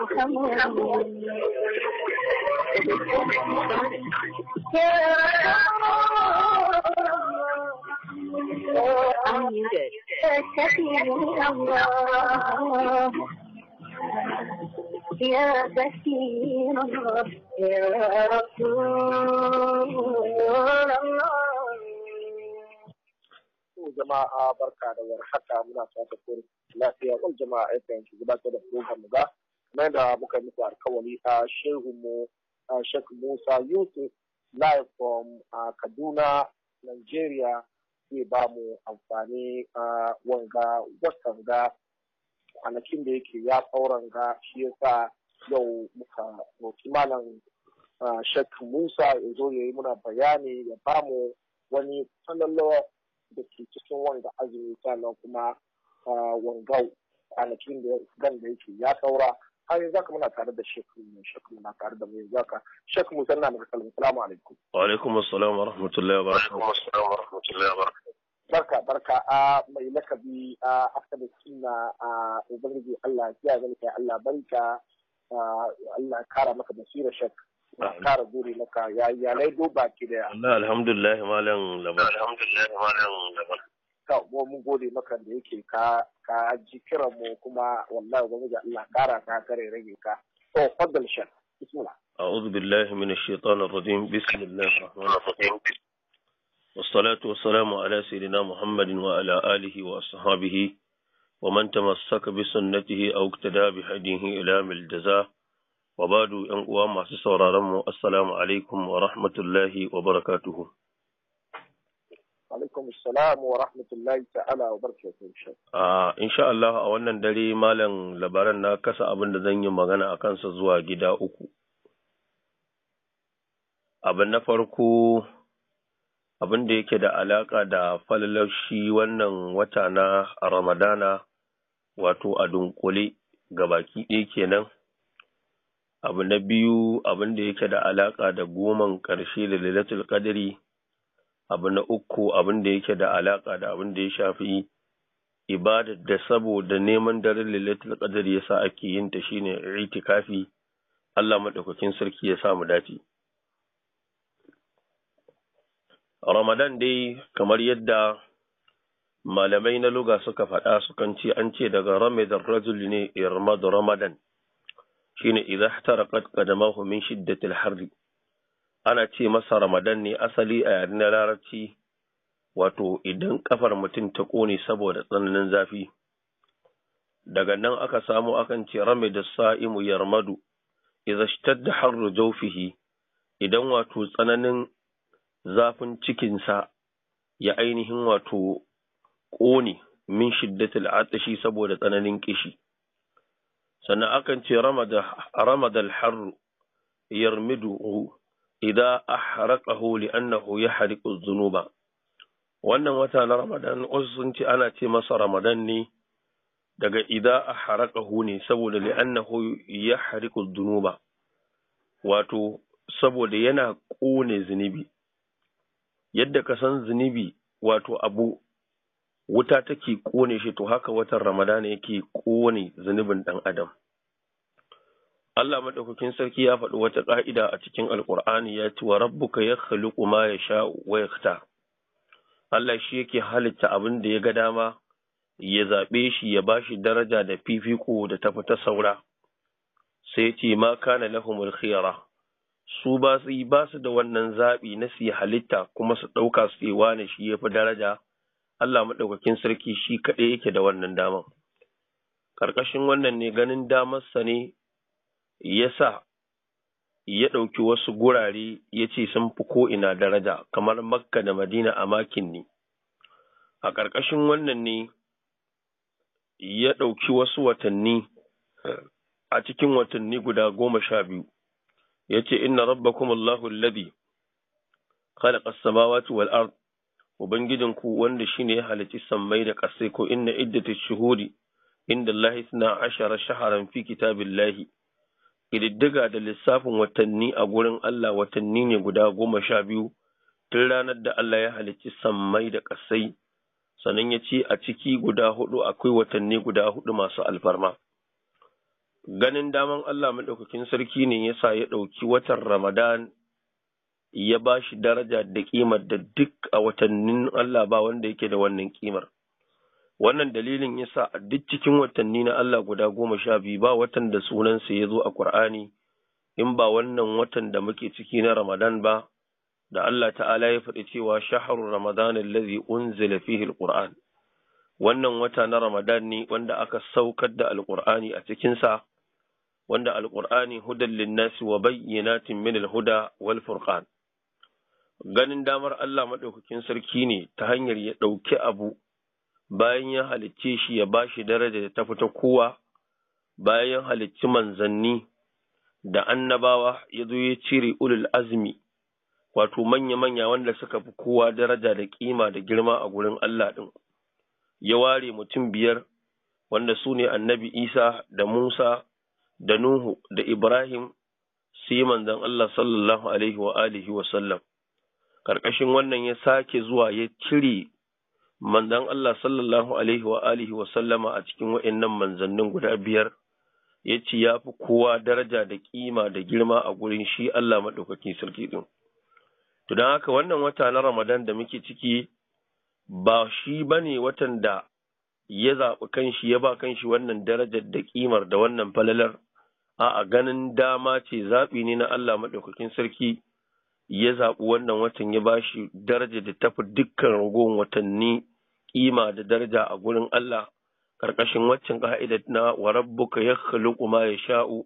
Unmuted. يا jama'a barka da warhaka muna fata kun lafiya kun jama'a eh, ya fahimci gabatar da program ga kamar da muka yi musu alkawari a shehu mu shek Musa Yusuf live from Kaduna, Nigeria zai ba mu amfani wanga watan ga kwanakin da yake ya tsauran ga shi yasa yau muka roki malam shek Musa ya zo ya yi muna bayani ya ba mu wani sanallo da ke cikin wanga azumi sannan kuma wanga kwanakin da yake ya saura. har yanzu haka muna tare da shek shek muna tare da mu yanzu haka shek musa na maka salamu assalamu alaikum wa alaikum assalam wa rahmatullahi wa barakatuh wa assalam wa rahmatullahi wa barakatuh barka barka a mai lakabi a asali sunna a ubangiji Allah ya gani kai Allah barka Allah kara maka basira shek kara guri maka ya iyalai duba ki da Allah alhamdulillah malam labar alhamdulillah malam labar ta mu mun gode maka da yake ka ka ji kiran mu kuma wallahi ubangiji Allah kara ka kare ka to faddal ala sayyidina muhammadin wa ala alihi wa ashabihi wa man tamassaka bi sunnatihi aw iktada bi hadihi ila mil jaza wa badu yan uwa masu sauraron mu assalamu alaikum wa rahmatullahi wa barakatuhu alaikum salam wa rahmatullahi ta'ala wa barakatuhu a ah, insha Allah a wannan dare malam labaran na kasa abin da zan yi magana a kansa zuwa gida uku abin na farko abin da yake da alaka da falalashi wannan wata na ramadana wato a dunkule ga baki ɗaya kenan abu na biyu abin da yake da alaka da goman ƙarshe da lilatul qadri abu na uku abin da yake da alaƙa da abin da ya shafi ibada da saboda neman daren lailatul qadr yasa ake yin ta shine itikafi Allah madaukakin sarki ya sa mu dace Ramadan dai kamar yadda malamai na luga suka faɗa sukan ce an ce daga ramadan rajul ne irmad ramadan shine idza ihtaraqat qadamahu min shiddatil harri ana ce masa ramadan ne asali a yaren na larabci wato idan kafar mutum ta kone saboda tsananin zafi daga nan aka samu akan ce rame da sa'imu yarmadu idza da harru jawfihi idan wato tsananin zafin cikinsa ya ainihin wato ƙone min shiddatil atashi saboda tsananin kishi sannan akan ce ramadal harru yarmidu idza ahraqahu li'annahu yahriqu dhunuba wannan wata na Ramadan sun ce ana ce masa Ramadan ne daga idza ahraqahu ne saboda li'annahu yahriqu dhunuba wato saboda yana ƙone zunubi yadda ka san zunubi wato abu wuta take ƙone shi to haka watan ramadana yake ƙone zunubin ɗan adam Allah madaukakin sarki ya faɗi wata ƙa'ida a cikin Alƙur'ani ya ce wa rabbuka ya khaliqu ma yasha wa yakhta Allah shi yake halitta abin da ya ga dama ya zabe shi ya bashi daraja da fifiko da tafi ta saura. Sai ce ma kana lahumul khiyara. Su ba su ba su da wannan zaɓi na su halitta kuma su ɗauka su yi wani shi ya fi daraja. Allah maɗaukakin sarki shi kaɗai yake da wannan damar. Ƙarƙashin wannan ne ganin damarsa ne ya sa ya ɗauki wasu gurare ya ce sun fi ko'ina daraja kamar makka da madina a makin ne a ƙarƙashin wannan ne ya ɗauki wasu watanni a cikin watanni guda goma sha biyu ya ce Rabba kuma allahu alladhi kada as-samawati wal ard ubangijinku wanda shine ya halici sammai da ƙasai ko inna shi shuhuri inda Allah suna ashara shaharan fi kitabillahi ƙididdiga da lissafin watanni a gurin Allah watanni ne guda goma sha biyu tun ranar da Allah ya halicci sammai da ƙasai sannan ya ce a ciki guda hudu akwai watanni guda hudu masu alfarma. Ganin daman Allah maɗaukakin sarki ne ya sa ya ɗauki watan Ramadan ya ba shi daraja da ƙimar da duk a watannin Allah ba wanda yake da wannan ƙimar. wannan dalilin yasa a duk cikin watanni na Allah guda goma sha biyu ba watan da sunansa ya zo a Kur'ani in ba wannan watan da muke ciki na Ramadan ba da Allah ta'ala ya faɗi cewa shaharu Ramadan allazi unzila fihi alquran wannan wata na Ramadan ne wanda aka saukar da alqur'ani a cikin sa wanda alqur'ani hudan linnasi wa bayyinatin min alhuda wal furqan ganin damar Allah madaukakin sarki ne ta hanyar ya ɗauki abu bayan ya halicce shi ya ba shi daraja ta fita kowa bayan ya halicci manzanni da annabawa ya zo ya cire ulul azmi wato manya-manya wanda suka fi kowa daraja da kima da girma a gurin Allah ɗin ya ware mutum biyar wanda su ne annabi Isa da Musa da Nuhu da Ibrahim sai manzan Allah sallallahu alaihi wa alihi wa sallam karkashin wannan ya sake zuwa ya cire manzan Allah sallallahu alaihi wa alihi sallama a cikin nan manzannin guda biyar ya ce ya fi kowa daraja da kima da girma a gurin shi Allah maɗaukakin sarki ɗin. Tudan haka wannan wata na Ramadan da muke ciki ba shi ba ne watan da ya zaɓi kanshi ya ba kanshi wannan darajar da kimar da wannan falalar a ganin dama ce zaɓi ne na Allah maɗaukakin sarki ya zaɓi wannan watan ya ba shi daraja da tafi dukkan ragon watanni kima da daraja a gurin Allah ƙarƙashin waccan ka'ida na wa rabbuka yakhluqu ma yasha'u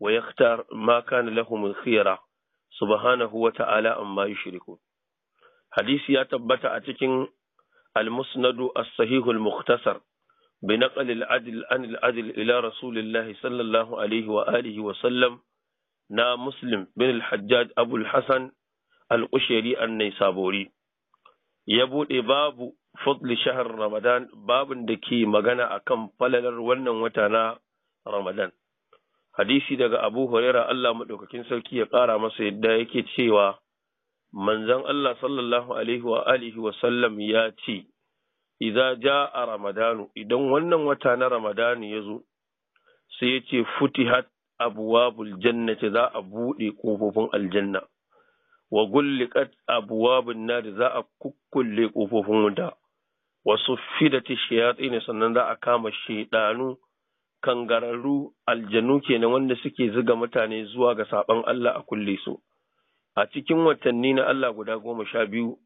wa yakhtar ma kana lahum khiyara subhanahu wa ta'ala amma yushriku hadisi ya tabbata a cikin المسند الصحيح المختصر بنقل العدل عن العدل إلى رسول الله صلى الله عليه وآله وسلم نا مسلم بن الحجاج أبو الحسن القشيري النيسابوري يبود باب fadli shahar Ramadan babin da ke magana akan falalar wannan wata na Ramadan. Hadisi daga Abu Huraira Allah maɗaukakin sarki ya ƙara masa yadda yake cewa manzon Allah sallallahu alaihi wa alihi wa sallam ya ce ja a ramadanu idan wannan wata na Ramadan ya zo sai ya ce futihat abwabul jannati za a buɗe ƙofofin aljanna wa gulliqat abwabun nar za a kukkulle ƙofofin wuta wasu fidati shayatsi ne sannan za a kama shaidanu kangararru aljanu kenan wanda suke ziga mutane zuwa ga saɓan Allah a kulle su. A cikin watanni na Allah guda goma sha biyu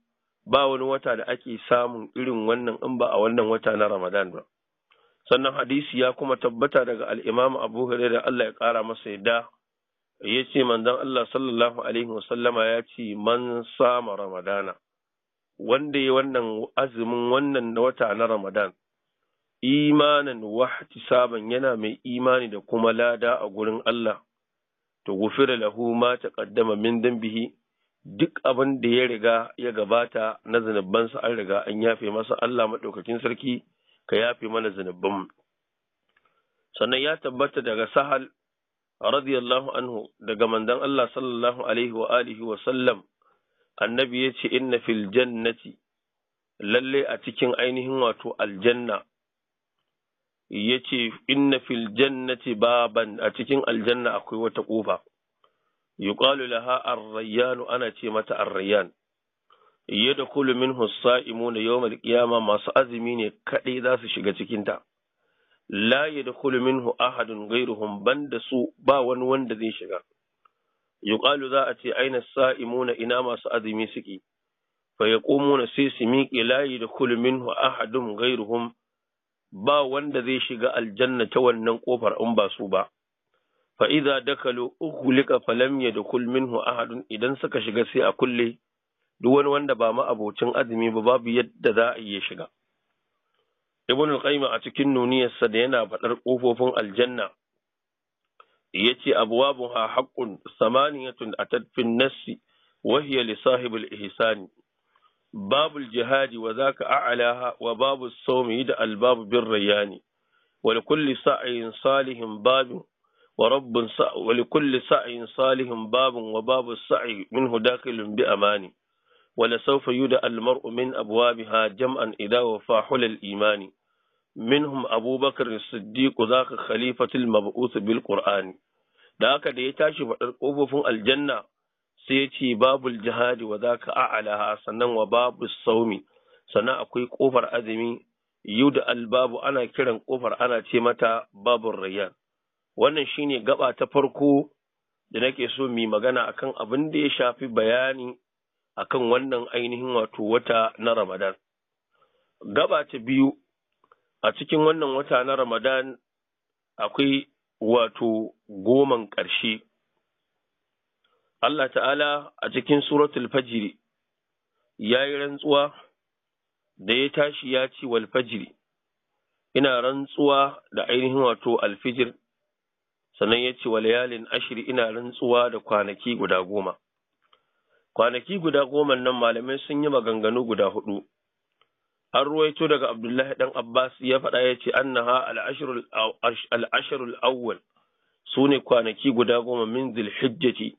ba wani wata da ake samun irin wannan in ba a wannan wata na Ramadan ba. Sannan hadisi ya kuma tabbata daga al'imam Abu da Allah ya kara masa yadda ya ce manzon Allah sallallahu alaihi wasallama ya ce man sama Ramadana. wanda ya wannan azumin wannan wata na Ramadan imanin imanan wahtisaban yana mai imani da kuma lada a gurin Allah to gufira lahu ma taqaddama min dambihi duk abin da ya riga ya gabata na zunubansa an riga an yafe masa Allah maɗaukakin sarki ka yafe mana zanubban. sannan ya tabbata daga sahal radiyallahu anhu daga mandan Allah sallallahu alaihi wa alihi wa sallam annabi ya ce inna fil jannati lalle a cikin ainihin wato aljanna ya ce inna fil jannati baban a cikin aljanna akwai wata ƙofa yuqalu laha ar-rayyanu ana ce mata ar-rayyan yadkhulu minhu as-sa'imuna yawm al-qiyama masu azumi ne kadai za su shiga cikin ta la yadkhulu minhu ahadun ghayruhum banda su ba wani wanda zai shiga yuqalu za a ce aina sa'imuna ina masu azumi suke fa yaqumuna sai su miƙe layi da kulmin wa ahadun gairuhum ba wanda zai shiga aljanna ta wannan kofar in ba su ba fa idza dakalu falamya da kulmin minhu ahadun idan suka shiga sai a kulle duk wani wanda ba ma abocin azumi ba babu yadda za a iya shiga ibn al-qayyim a cikin nuniyarsa da yana faɗar ƙofofin aljanna يتي أبوابها حق ثمانية أتت في النس وهي لصاحب الإحسان باب الجهاد وذاك أعلاها وباب الصوم يد الباب بالريان ولكل سعي صالح باب ورب ولكل سعي صالح باب وباب السعي منه داخل بأمان ولسوف يدأ المرء من أبوابها جمعا إذا وفى حل الإيمان minhum abubakar siddiqu zaka khalifatul mab'us bil qur'ani da haka da ya tashi faɗar ƙofofin aljanna sai ya ce babul jihadi wa zaka a'alaha sannan wa babu saumi sannan akwai ƙofar azumi yuda da albabu ana kiran ƙofar ana ce mata babun rayyan wannan shine gaba ta farko da nake so mu magana akan abin da ya shafi bayani akan wannan ainihin wato wata na Ramadan gaba ta biyu a cikin wannan wata na Ramadan akwai wato goman ƙarshe. Allah ta'ala a cikin suratul fajiri ya yi rantsuwa da ya tashi ya ce wal fajiri, ina rantsuwa da ainihin wato alfijir, sannan ya ce walayalin ashiri ina rantsuwa da kwanaki guda goma. Kwanaki guda goma nan malamai sun yi maganganu guda hudu. an ruwaito daga abdullahi dan abbas ya faɗa ya ce annaha al'ashirul awwal su ne kwanaki guda goma min zulhijjati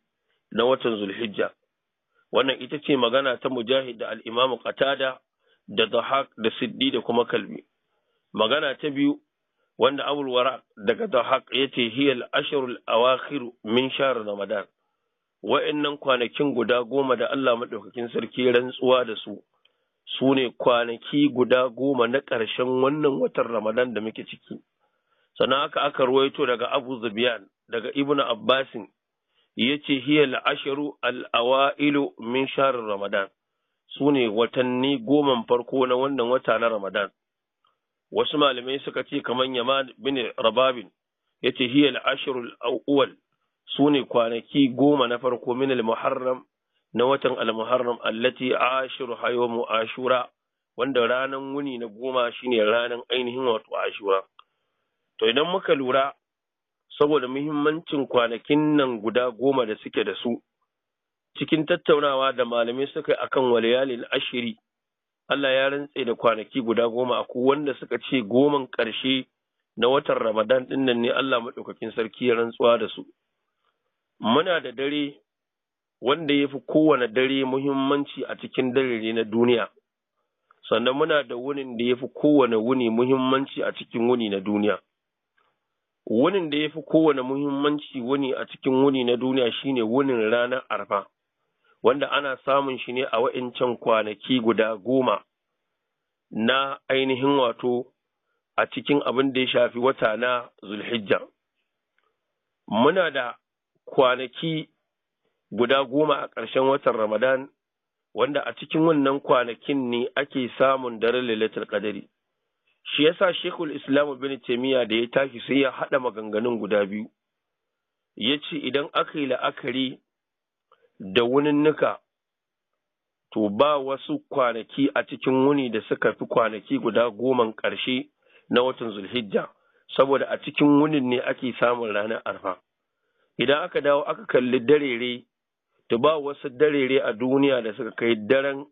na watan zulhijja wannan ita ce magana ta mujahid da al'imamu qatada da dahak da siddi da kuma kalbi magana ta biyu wanda abulwara daga dahak ya ce hiyal ashirul awakhir min shahr ramadan wa'annan kwanakin guda goma da Allah maɗaukakin sarki rantsuwa da su su ne kwanaki guda goma na ƙarshen wannan watan Ramadan da muke ciki. Sana haka aka ruwaito daga Abu Zubiyan daga Ibn Abbasin ya ce hiya al'asharu al'awa'ilu min sharin Ramadan su ne watanni goma farko na wannan wata na Ramadan. Wasu malamai suka ce kamar Yama bin Rababin ya ce hiya al'asharu al’awuwal su ne kwanaki goma na farko min al-Muharram na watan almuharram allati ashiru hayomu ashura wanda ranan wuni na goma shine ranan ainihin wato ashura to idan muka lura saboda muhimmancin kwanakin nan guda goma da suke da su cikin tattaunawa da malamai suka yi akan walayalil ashiri Allah ya rantse da kwanaki guda goma ku wanda suka ce goman ƙarshe na watan Ramadan ɗin ne Allah maɗaukakin sarki ya rantsuwa da su. Muna da dare wanda ya fi kowane dare muhimmanci a cikin dare na duniya sannan muna da wunin da ya fi kowane wuni muhimmanci a cikin wuni na duniya wunin da ya fi kowane muhimmanci wuni a cikin wuni na duniya shine wunin ranar arfa wanda ana samun shi ne a wa'incan kwanaki guda goma na ainihin wato a cikin abin da ya shafi wata na zulhijja muna da kwanaki guda goma a ƙarshen watan Ramadan wanda a cikin wannan kwanakin ne ake samun daren lailatul qadari shi yasa Sheikhul Islam bin taimiyya da ya tashi sai ya haɗa maganganun guda biyu Ya ce idan aka yi la'akari da nuka, to ba wasu kwanaki a cikin wuni da suka fi kwanaki guda goma ƙarshe na watan Zulhijja saboda a cikin wunin ne ake samun ranar arfa idan aka dawo aka kalli darere to ba wasu darere a duniya da suka kai daren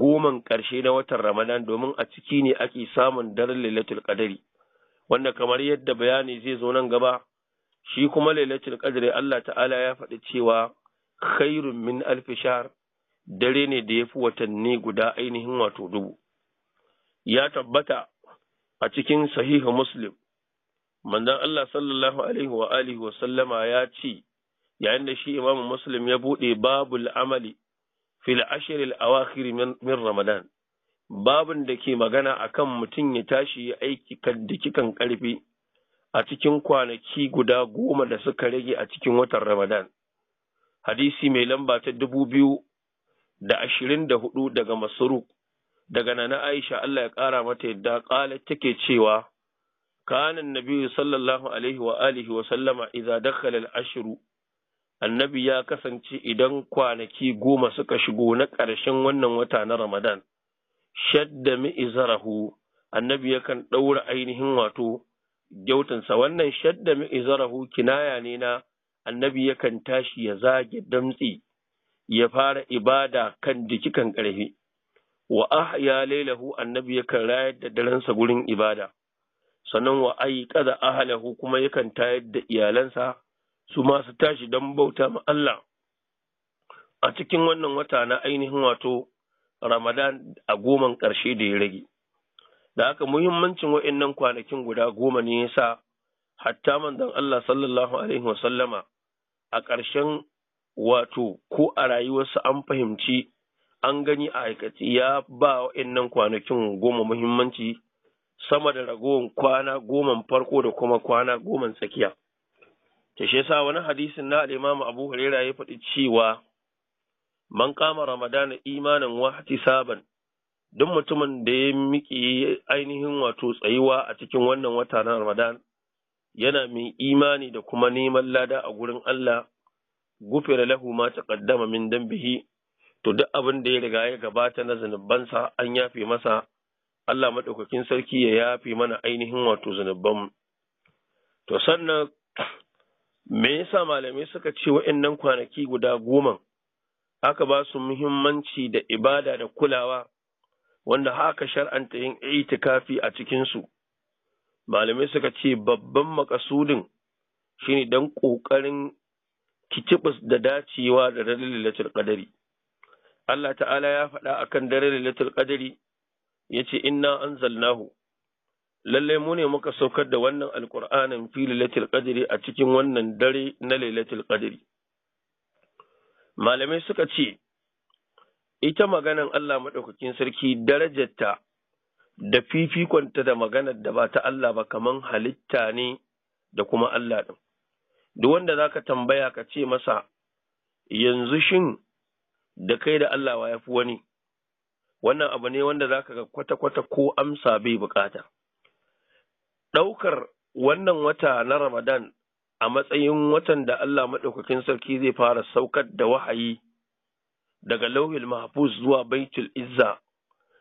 goman ƙarshe na watan Ramadan domin a ciki ne ake samun daren Lailatul Qadari wanda kamar yadda bayani zai zo nan gaba shi kuma Lailatul Qadari Allah ta'ala ya faɗi cewa khairun min alfi shahr dare ne da yafi watanni guda ainihin wato dubu ya tabbata a cikin sahihu Muslim manzon Allah sallallahu alaihi wa alihi wa sallama ya ce yayin da shi imamu muslim ya buɗe babul amali fil ashiril awakhir min ramadan babun da ke magana akan mutum ya tashi ya aiki dikikan karfi a cikin kwanaki guda goma da suka rage a cikin watan ramadan hadisi mai lamba ta dubu biyu da ashirin da hudu daga masaruk daga nana aisha allah ya kara mata yadda ƙala take cewa sallallahu alaihi wa alihi wa sallama idza dakhala al ashru annabi ya kasance idan kwanaki goma suka shigo na ƙarshen wannan wata na Ramadan, shadda mi'izarahu, annabi yakan ɗaura ainihin wato gyautansa wannan shadda mi'izarahu kinaya ne na annabi yakan tashi ya zage damtsi ya fara ibada kan jikikan ƙarfi. Wa ya lailahu annabi yakan rayar da darensa gurin ibada, sannan wa ayi kada ahalahu kuma yakan tayar da iyalansa su masu tashi don bauta ma Allah a cikin wannan wata na ainihin wato Ramadan a goman ƙarshe da ya rage. Da haka muhimmancin nan kwanakin guda goma ne yasa hatta manzon Allah sallallahu alaihi wasallama a ƙarshen wato ko a rayuwarsa an fahimci an gani a aikaci ya ba nan kwanakin goma muhimmanci sama da ragowar kwana goman farko da kuma kwana goman tsakiya. ta shi yasa wani hadisin na al-Imam Abu Hurairah ya faɗi cewa man kama Ramadana imanin wahti saban duk mutumin da ya miƙe ainihin wato tsayuwa a cikin wannan wata na Ramadan yana mai imani da kuma neman lada a gurin Allah gufira lahu ma taqaddama min dambihi to duk abin da ya riga ya gabata na zunubansa an yafe masa Allah maɗaukakin sarki ya yafe mana ainihin wato zunuban to sannan me yasa malamai suka ce waɗannan kwanaki guda goma aka ba su muhimmanci da ibada da kulawa wanda haka shar'anta yin itikafi a cikinsu malamai suka ce babban makasudin shi ne don ƙoƙarin kicibis da dacewa da lailatul ƙadari. Allah ta'ala ya faɗa akan dare ce in yace inna anzalnahu lalle mu ne muka saukar da wannan alkur'anin fi lailatul qadri a cikin wannan dare na lailatul qadri malamai suka ce ita maganan Allah maɗaukakin sarki darajarta da fifikonta da maganar da ba ta Allah ba kaman halitta ne da kuma Allah ɗin. Duk wanda zaka tambaya ka ce masa, yanzu shin da kai da Allah wa yafi wani, wannan abu ne wanda zaka ga kwata-kwata ko amsa bai bukata. ɗaukar wannan wata na Ramadan a matsayin watan da Allah maɗaukakin sarki zai fara saukar da wahayi daga lauhil mahfuz zuwa baitul izza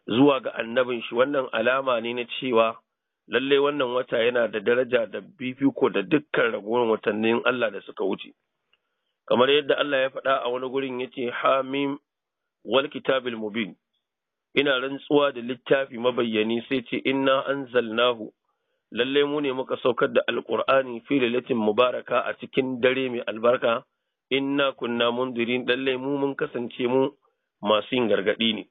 zuwa ga annabin shi wannan alama ne na cewa lallai wannan wata yana da daraja da bifi ko da dukkan ragowar watannin Allah da suka wuce kamar yadda Allah ya faɗa a wani gurin yace hamim wal kitabil mubin ina rantsuwa da littafi mabayyani sai ce inna anzalnahu lalle mu ne muka saukar da alqur'ani fi lailatin mubaraka a cikin dare mai albarka inna kunna mundirin lalle mu mun kasance mu masu yin gargadi ne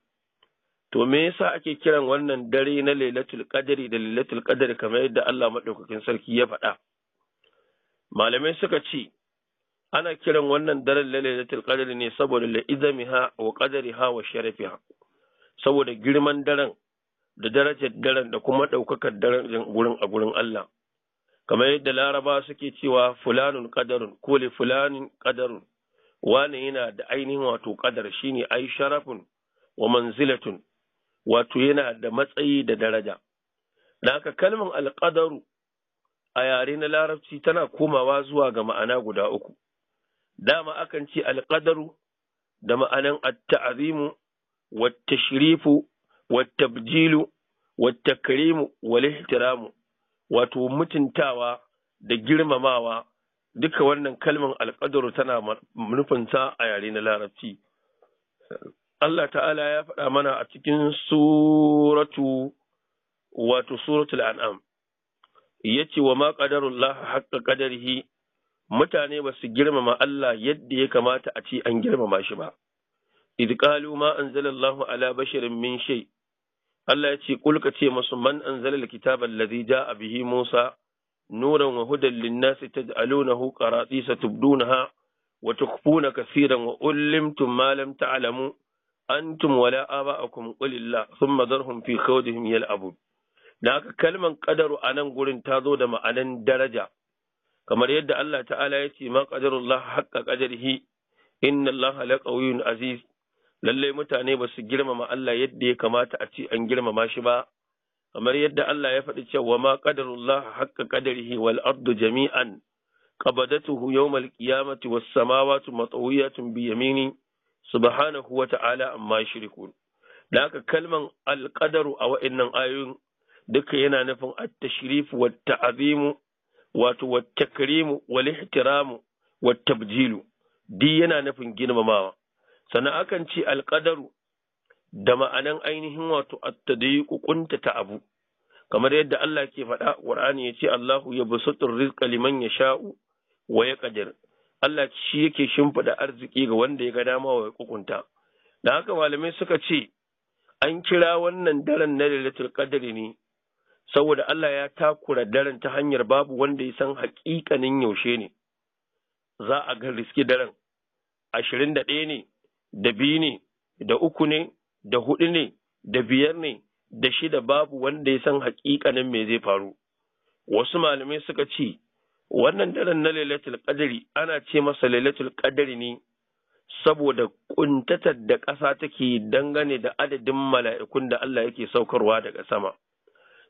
to me yasa ake kiran wannan dare na lailatul qadri da lailatul qadri kamar yadda Allah madaukakin sarki ya faɗa malamai suka ce ana kiran wannan daren lailatul qadri ne saboda la'izamiha wa qadriha wa sharafiha saboda girman daren da darajar daren da kuma ɗaukakar daren gurin a gurin Allah. Kamar yadda Laraba suke cewa fulanun ƙadarun ko fulanin ƙadarun wani yana da ainihin wato ƙadar shine ai sharafin wa manzilatun wato yana da matsayi da daraja. Da haka kalmar alƙadaru a yare na larabci tana komawa zuwa ga ma'ana guda uku. Dama akan ce alƙadaru da ma'anan at tazimu wa tashrifu wattabjilu wattakrimu wal ihtiramu wato mutuntawa da girmamawa duka wannan kalman alƙadaru tana nufinsa a yare na larabci Allah ta'ala ya faɗa mana a cikin suratu wato suratul an'am yace wa ma qadarullahi haqqa qadarihi mutane ba su girmama Allah yadda ya kamata a ce an girmama shi ba. Idh ma anzalallahu ala basharin min shay Allah ya ce kulka ce masu man anzala alkitaba alladhi a bihi Musa nuran wa hudan lin-nasi taj'alunahu qaratisa tubdunaha wa tukhfuna kaseeran wa ullimtum ta alamu. ta'lamu antum wala aba'akum qulillah thumma dharhum fi khawdihim yal'abun da haka kalman kadaru a nan gurin ta zo da ma'anan daraja kamar yadda Allah ta'ala ya ce ma qadarullah haqqa qadarihi inna Allah laqawiyyun aziz lallai mutane ba su girmama Allah yadda ya kamata a ci an girmama shi ba kamar yadda Allah ya faɗi cewa ma qadarullah haqqa qadarihi wal ardu jami'an qabadatuhu yawmal qiyamati was samawati matawiyatun bi yamini subhanahu wa ta'ala amma yushrikun da haka kalman alƙadaru a waɗannan ayoyin duka yana nufin at-tashrif wa ta'zimu wato wa takrimu wa ihtiramu wa tabjilu di yana nufin girmamawa sannan akan ce alƙadaru da ma'anan ainihin wato attadiku kunta ta abu kamar yadda Allah ke faɗa Qur'ani ya ce Allahu ya busutur rizqa liman ya yasha'u wa yaqdir Allah shi yake shimfiɗa arziki ga wanda ya ga dama wa kukunta da haka malamai suka ce an kira wannan daren na lailatul qadri ne saboda Allah ya takura daren ta hanyar babu wanda ya san haƙiƙanin yaushe ne za a ga riski daren ashirin da ɗaya ne da biyu ne da uku ne da hudu ne da biyar ne da shida babu wanda ya san hakikanin me zai faru wasu malamai suka ce wannan daren na lailatul ƙadari ana ce masa lailatul ƙadari ne saboda kuntatar da ƙasa take dangane da adadin mala'ikun da Allah yake saukarwa daga sama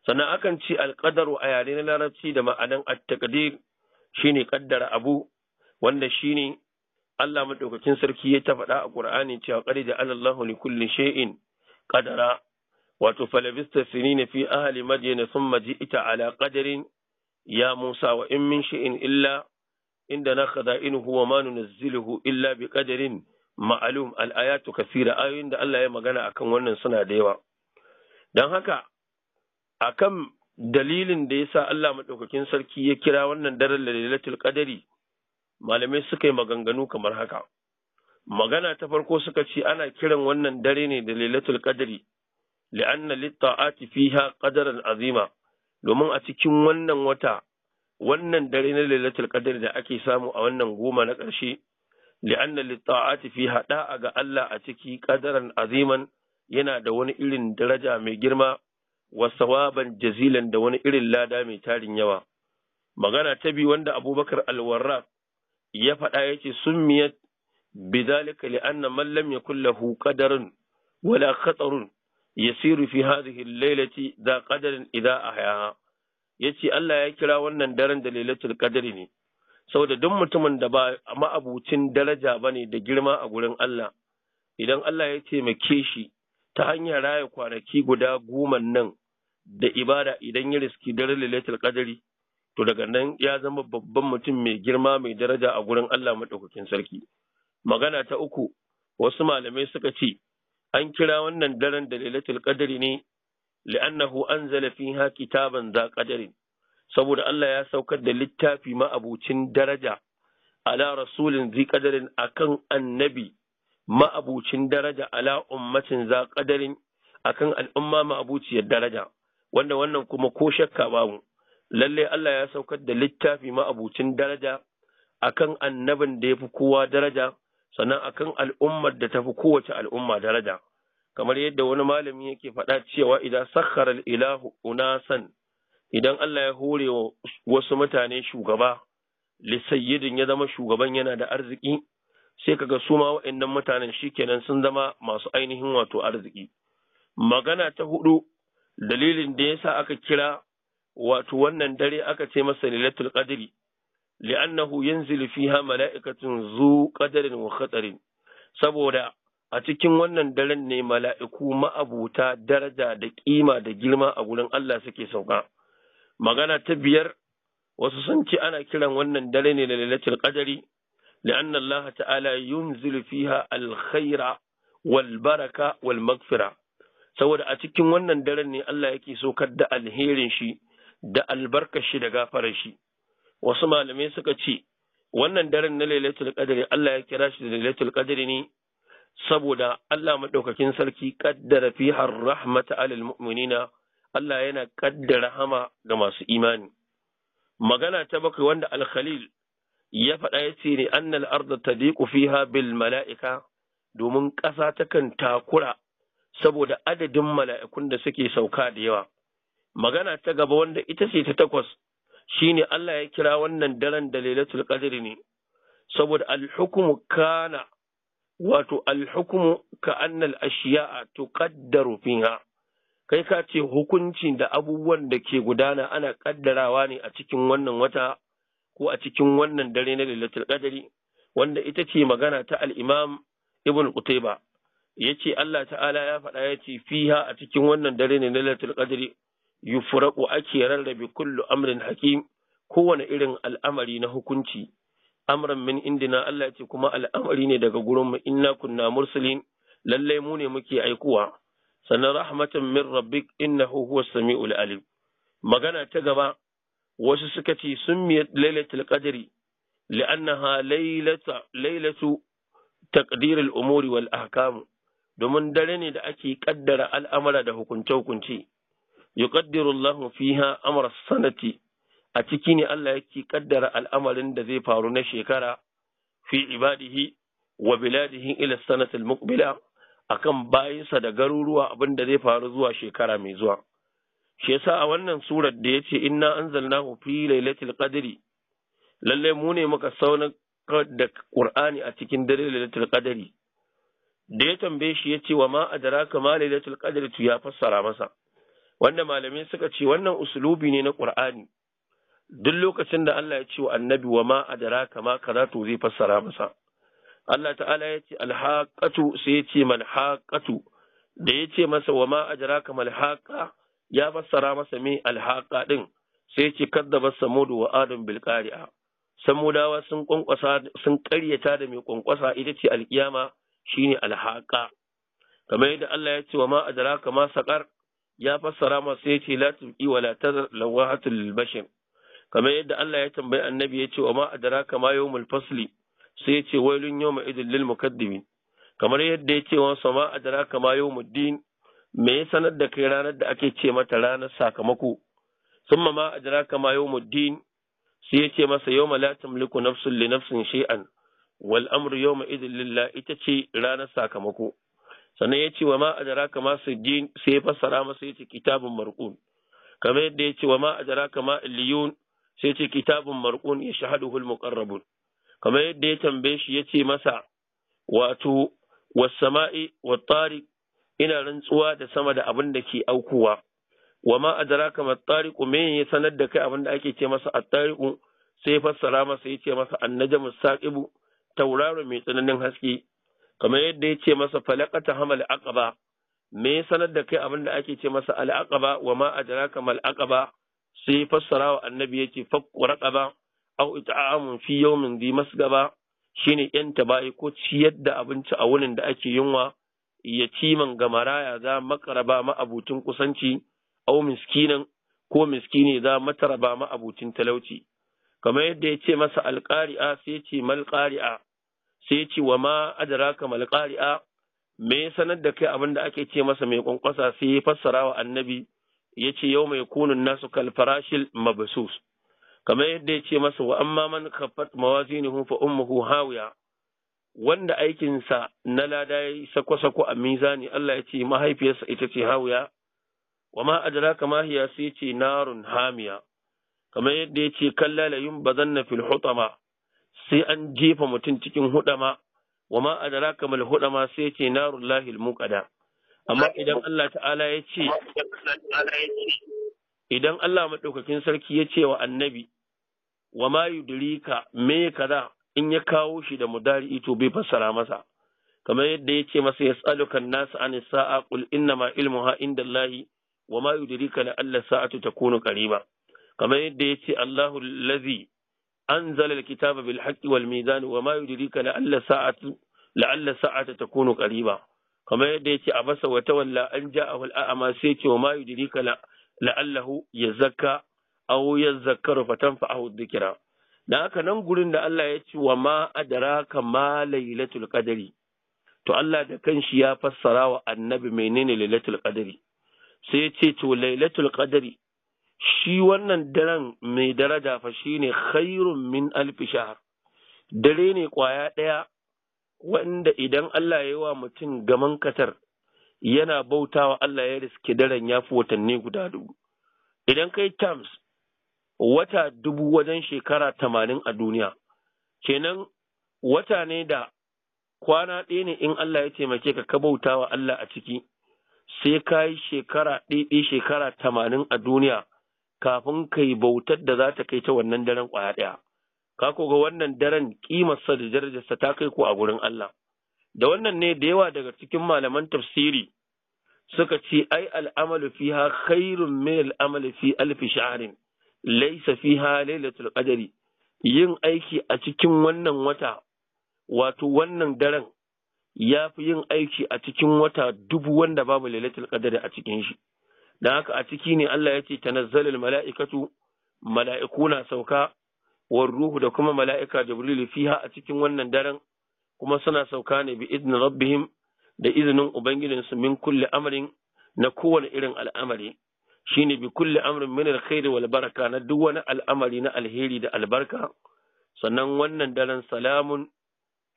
sannan akan ce alƙadaru a yare na larabci da ma'anan attaƙadir shi ne ƙaddara abu wanda shi ne. Allah madaukakin sarki ya ta faɗa a Qur'ani cewa qad da Allahu li kulli shay'in qadara wato falabista sinina fi ahli madyana thumma ji'ita ala qadarin ya Musa wa in min shay'in illa inda na inuhu wa ma nunazziluhu illa bi qadarin ma'lum al-ayatu kathira ayoyin da Allah ya magana akan wannan suna da yawa dan haka akan dalilin da yasa Allah madaukakin sarki ya kira wannan daren lailatul qadari malamai suka yi maganganu kamar haka magana ta farko suka ce ana kiran wannan dare ne da lailatul qadri li'anna litta'ati fiha qadaran azima domin a cikin wannan wata wannan dare na lailatul qadri da ake samu a wannan goma na ƙarshe li'anna litta'ati fiha da'a ga Allah a ciki qadaran aziman yana da wani irin daraja mai girma wa sawaban jazilan da wani irin lada mai tarin yawa magana ta biyu wanda Abubakar al-Warraq ya faɗa ya ce sun summiyat bidhalika li'anna mallam ya kulle hukadarin qadarun wala ya yasiru fi hadhihi lailati da a idza Ya ce Allah ya kira wannan daren da lailatul ƙadari ne saboda duk mutumin da ba a ma'abucin daraja ba ne da girma a gurin Allah idan Allah ya taimake shi ta hanyar raya kwanaki guda goma nan da ibada idan ya riski daren lailatul ƙadari. to daga nan ya zama babban mutum mai girma mai daraja a gurin Allah maɗaukakin sarki. Magana ta uku, wasu malamai suka ce, an kira wannan daren da lailatul qadri ne, li'annahu zalafi fiha kitaban za qadarin. Saboda Allah ya saukar da littafi ma'abucin daraja ala rasulin zi a akan annabi ma'abucin daraja ala ummatin za a akan al'umma ma'abuciyar daraja. Wanda wannan kuma ko shakka babu. lalle Allah ya saukar da littafi ma'abucin daraja akan annabin da ya fi kowa daraja sannan akan al'ummar da ta fi kowace al'umma daraja kamar yadda wani malami yake faɗa cewa idan sakhara ilahu unasan idan Allah ya hore wasu mutane shugaba lissayyidin ya zama shugaban yana da arziki sai kaga su ma waɗannan mutanen shikenan sun zama masu ainihin wato arziki magana ta hudu dalilin da yasa aka kira wato wannan dare aka ce masa lailatul qadri li'annahu yanzilu fiha mala'ikatun zu qadarin wa khatarin saboda a cikin wannan daren ne mala'iku ma'abuta daraja da kima da girma a gurin Allah suke sauka magana ta biyar wasu sun ce ana kiran wannan dare ne da lailatul qadri ta'ala الله تعالى alkhaira wal baraka wal magfira saboda a cikin wannan daren ne Allah yake so da alherin shi da shi da gafarar shi wasu malamai suka ce wannan daren na lailatul qadri Allah ya kira shi da lailatul qadri ne saboda Allah madaukakin sarki qaddara fiha rahmata alal mu'minina Allah yana kaddara rahama ga masu imani magana ta bakwai wanda al-khalil ya faɗa ya ce ne annal arda tadiqu fiha bil mala'ika domin ƙasa takan takura saboda adadin mala'ikun da suke sauka da yawa magana ta gaba wanda ita ce ta takwas shine Allah ya kira wannan daren da lailatul qadri ne saboda al-hukmu kana wato al-hukmu ka annal ashiya'a tuqaddaru fiha kai ka ce hukuncin da abubuwan da ke gudana ana ƙaddarawa ne a cikin wannan wata ko a cikin wannan dare na lailatul qadri wanda ita ce magana ta al-imam ibn qutayba yace Allah ta'ala ya faɗa yace fiha a cikin wannan dare ne na lailatul qadri yufraqu ake rarrabe kullu amrin hakim kowane irin al'amari na hukunci amran min indina Allah ce kuma al'amari ne daga gurin mu inna kunna mursalin lallai mu ne muke aikuwa sannan rahmatan min rabbik innahu huwa samiul alim magana ta gaba wasu suka ce sun miya lailatul qadri li'annaha lailata lailatu taqdir al-umuri wal ahkam domin dare ne da ake kaddara al'amara da hukunce hukunce yuqaddiru Allahu fiha amra sanati a ciki ne Allah yake kaddara al'amarin da zai faru na shekara fi ibadihi wa biladihi ila sanatil muqbila akan bayinsa da garuruwa abin da zai faru zuwa shekara mai zuwa shi yasa a wannan surar da yace inna anzalnahu fi lailatul qadri lalle mu ne muka sauna da qur'ani a cikin dare lailatul qadri da ya tambaye shi ya wa ma adraka ma lailatul tu ya fassara masa wanda malamai suka ce wannan usulubi ne na ƙur'ani. duk lokacin da Allah ya ce wa annabi wa ma adraka ma kaza zai fassara masa Allah ta'ala ya ce alhaqatu sai ya ce malhaqatu da ya ce masa wa ma adraka malhaqa ya fassara masa me alhaqa din sai ya ce kaddaba samud wa adam bil qari'a samudawa sun kwankwasa sun ƙaryata da mai kwankwasa ita ce alkiyama shine alhaqa kamar yadda Allah ya ce wa ma adraka ma saqar ya fassara masu ya ce la tubqi wa la tazar lawahatul kamar yadda Allah ya tambayi annabi ya ce wa ma adraka ma yawmul fasli sai ya ce wailun yawma idil lil mukaddimin kamar yadda ya ce wa sama adraka ma yawmuddin me ya sanar da kai ranar da ake ce mata ranar sakamako summa ma adraka ma yawmuddin sai ya ce masa yawma la tamliku nafsun li nafsin shay'an wal amru yawma idil lillah ita ce ranar sakamako sannan ya ce wa ma adraka ma sijjin sai ya fassara masa ya ce kitabun marƙun kamar yadda ya ce wa ma adraka ma liyun sai ce kitabun marƙun ya hulmu ƙarrabun kamar yadda ya tambaye shi ya ce masa wato wasama'i wattariq ina rantsuwa da sama da abin da ke aukuwa wa ma adraka ma tariqu me ya sanar da kai abin da ake ce masa a attariqu sai fassara masa ya ce masa annajamu saƙibu tauraro mai tsananin haske kamar yadda ya ce masa falaqata hamal aqaba me ya sanar da kai abinda ake ce masa al aqaba wa ma kamal mal aqaba sai fassara wa annabi yace fakku raqaba aw it'amun fi yawmin di masgaba shine yan tabai ko ciyar da abinci a wurin da ake yunwa ya ciman ga maraya za makaraba ma'abutin kusanci au miskinan ko miskini za mataraba ma'abutin talauci kamar yadda ya ce masa alƙari'a sai ya ce qari'a sai ya ce wa ma adraka mal qari'a me sanar da kai abin da ake ce masa mai kwankwasa sai ya fassara wa annabi ya ce yau mai kunun nasu kalfarashil mabasus kamar yadda ya ce masa wa amma man khaffat mawazinuhu fa ummuhu hawiya wanda aikinsa na lada ya sako-sako a mizani Allah ya ce mahaifiyarsa ita ce hawiya wa ma adraka ma hiya sai ce narun hamiya kamar yadda ya ce kalla bazanna fil hutama sai an jefa mutum cikin hudama wa ma adraka mal hudama sai ce narullahi almuqada amma idan Allah ta'ala ya ce idan Allah madaukakin sarki ya ce wa annabi wa ma yudrika me kaza in ya kawo shi da mudari to bai fassara masa kamar yadda ya ce masa yas'alukan nas an sa'a qul innama ilmuha indallahi wa ma yudrika la alla sa'atu takunu qariba kamar yadda ya ce Allahu allazi أنزل الكتاب بالحق والميزان وما يدريك لعل ساعة لعل ساعة تكون قريبا كما يديتي أبس وتولى أن جاءه الأعمى سيتي وما يدريك لعله يزكى أو يذكر فتنفعه الذكرى da haka nan gurin da Allah ya ce wa ma adraka ma lailatul qadari to Allah da kanshi ya fassara wa annabi menene lailatul qadari sai ya ce to lailatul qadari shi wannan daren mai daraja fa shi ne khairun min alfi shahar dare ne kwaya ɗaya wanda idan Allah ya yi wa mutum gaman katar yana bautawa Allah ya riske daren ya fi watanni guda dubu idan kai tams wata dubu wajen shekara tamanin a duniya kenan wata ne da kwana ɗaya ne in Allah ya taimake ka ka bautawa Allah a ciki sai ka yi shekara ɗaiɗai shekara tamanin a duniya kafin kai bautar da za ta kai ta wannan daren kwaya ɗaya ka ko ga wannan daren ƙimarsa da darajarsa ta kai ko a gurin Allah da wannan ne da yawa daga cikin malaman tafsiri suka ce ai al'amalu fiha khairun min al’amalu fi alfi laisa fi ha lailatul qadari yin aiki a cikin wannan wata wato wannan daren ya fi yin aiki a cikin wata dubu wanda babu lailatul qadari a cikin shi da haka a ciki ne Allah ya ce tanazzalul mala'ikatu mala'iku na sauka war ruhu da kuma mala'ika jibril fiha a cikin wannan daren kuma suna sauka ne bi idnin rabbihim da izinin ubangijinsu min kulli amrin na kowane irin al'amari shine bi kulli amrin min alkhairi wal baraka na duk wani al'amari na alheri da albarka sannan wannan daren salamun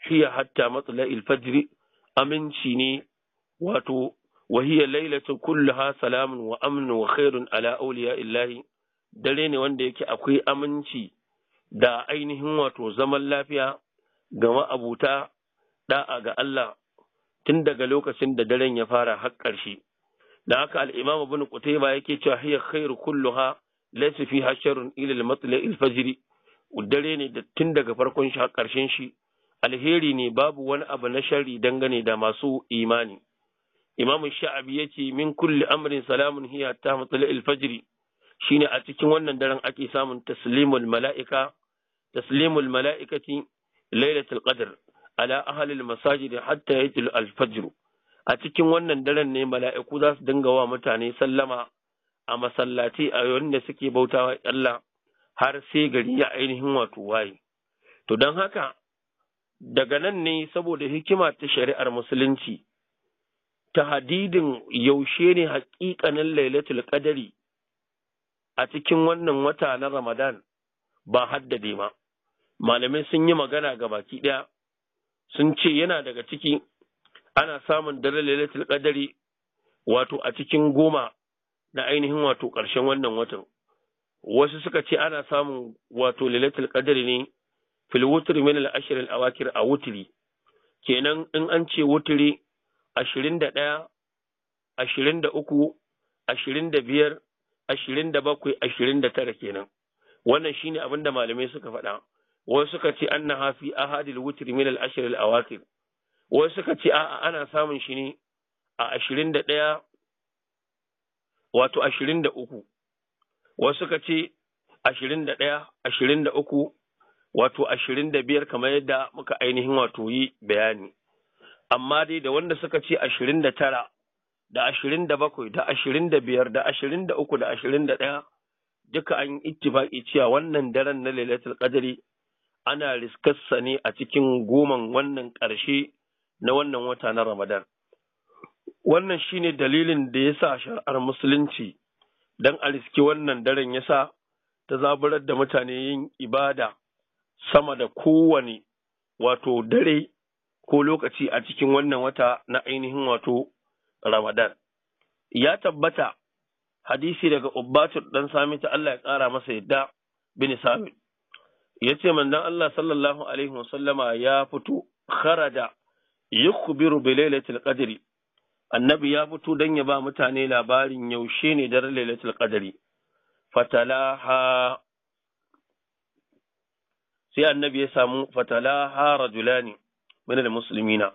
hiya hatta matsala alfajri aminci ne wato وهي ليلة كلها سلام وأمن وخير على أولياء الله dare ne wanda yake akwai aminci da a ainihin wato zaman lafiya ga ma'abuta da'a ga Allah tun daga lokacin da daren ya fara har ƙarshe. Da haka al'imam ibn Qutayba yake cewa hiya khairu kulluha laysa fiha sharrun ila al-matla'il fajr dare ne da tun daga farkon shi har ƙarshen shi alheri ne babu wani abu na sharri dangane da masu imani. imamu sha'abi ya ce min kulli amrin salamun hiya ta matsala alfajiri shine a cikin wannan daren ake samun taslimul mala'ika taslimul mala'ikati lailatul qadr ala ahlil masajid hatta yatil alfajr a cikin wannan daren ne mala'iku za su dinga wa mutane sallama a masallati a wanda suke bautawa Allah har sai gari ya ainihin wato waye to don haka daga nan ne saboda hikima ta shari'ar musulunci tahadidin yaushe ne haƙiƙanin lailatul qadari a cikin wannan wata na Ramadan ba haddade ma malamai sun yi magana ga baki ɗaya sun ce yana daga ciki ana samun daren lailatul qadari wato a cikin goma na ainihin wato ƙarshen wannan watan wasu suka ce ana samun wato lailatul qadari ne fil wutri min al ashr al awakir a wutri kenan in an ce wutri ashirin da ɗaya ashirin da uku ashirin da biyar ashirin da bakwai ashirin da tara kenan wannan ne abin da malamai suka faɗa wasu suka ce an na hafi ahadil wutri min al ashirin al awaqib wasu suka ce a'a ana samun shi ne a ashirin da ɗaya wato ashirin da uku wasu suka ce ashirin da ɗaya ashirin da uku wato ashirin da biyar kamar yadda muka ainihin wato yi bayani amma dai da wanda suka ce ashirin da tara da ashirin da bakwai da ashirin da biyar da ashirin da uku da ashirin da ɗaya duka an ittifaƙi cewa wannan daren na lailatul qadri ana riskarsa ne a cikin goman wannan ƙarshe na wannan wata na ramadan wannan shine dalilin da ya sa shari'ar musulunci don a riski wannan daren ya sa ta zaburar da mutane yin ibada sama da kowane wato dare ko lokaci a cikin wannan wata na ainihin wato Ramadan. Ya tabbata hadisi daga Ubbatu dan Samita Allah ya ƙara masa yadda bin Samit. Ya ce manzon Allah sallallahu alaihi wasallama ya fito kharaja yukhbiru bi lailatul qadri. Annabi ya fito dan ya ba mutane labarin yaushe ne da lailatul qadri. Fatalaha sai annabi ya samu fatalaha rajulani. da musulmi na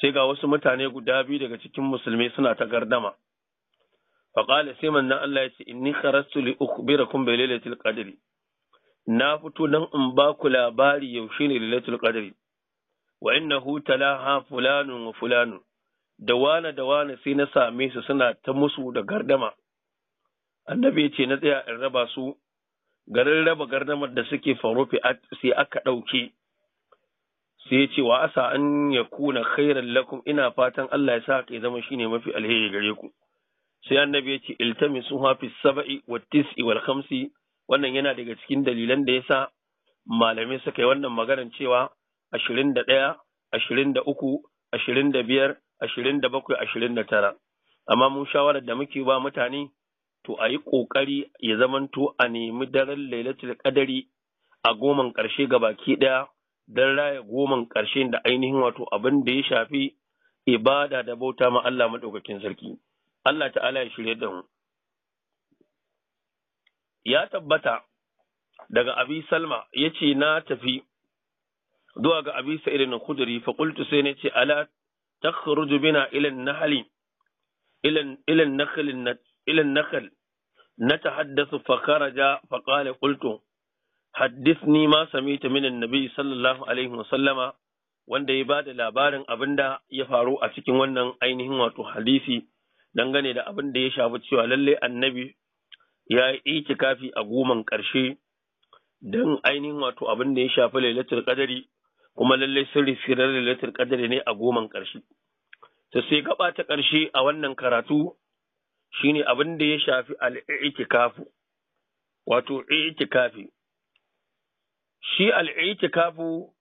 sai ga wasu mutane guda biyu daga cikin musulmi suna ta gardama faqala sai manzon Allah ya ce inni kharastu li ukhbirakum bi lailatul qadri na fito dan in ba ku labari yaushe ne lailatul qadri wa innahu talaha fulanu wa fulanu da wane da wane sai na same su suna ta musu da gardama annabi ya ce na tsaya in raba su garin raba gardamar da suke farufi sai aka ɗauke sai ya ce wa asa an ya kuna khairan lakum ina fatan Allah ya sa ka zama shine mafi alheri gare ku sai annabi ya ce iltamisu ha fi sab'i wa tis'i wal khamsi wannan yana daga cikin dalilan da yasa malamai suka yi wannan maganar cewa 21 23 25 27 tara. amma mun shawarar da muke ba mutane to a yi ƙoƙari ya zamanto a nemi daren lailatul ƙadari a goman ƙarshe ga baki ɗaya don raya goman ƙarshen da ainihin wato abin da ya shafi ibada da bauta ma Allah maɗaukakin sarki. Allah ta'ala ya shirya da mu. Ya tabbata daga Abi Salma ya ce na tafi zuwa ga Abi Sa'id na Kuduri fa qultu sai nace ala takhruju bina ila an nahl ila ila an-nakhl ila an-nakhl natahaddathu fa kharaja fa qala qultu haddithni ma samita minan nabi sallallahu alaihi sallama. wanda ya bada labarin abin da ya faru a cikin wannan ainihin wato hadisi dangane da abin da ya shafi cewa lalle annabi ya yi itikafi a goman ƙarshe don ainihin wato abin da ya shafi lailatul qadari kuma lalle sirri risirar lailatul qadari ne a goman ƙarshe to sai gaba ta ƙarshe a wannan karatu shine abin da ya shafi al-i'tikafu wato i'tikafi shi al'itikafu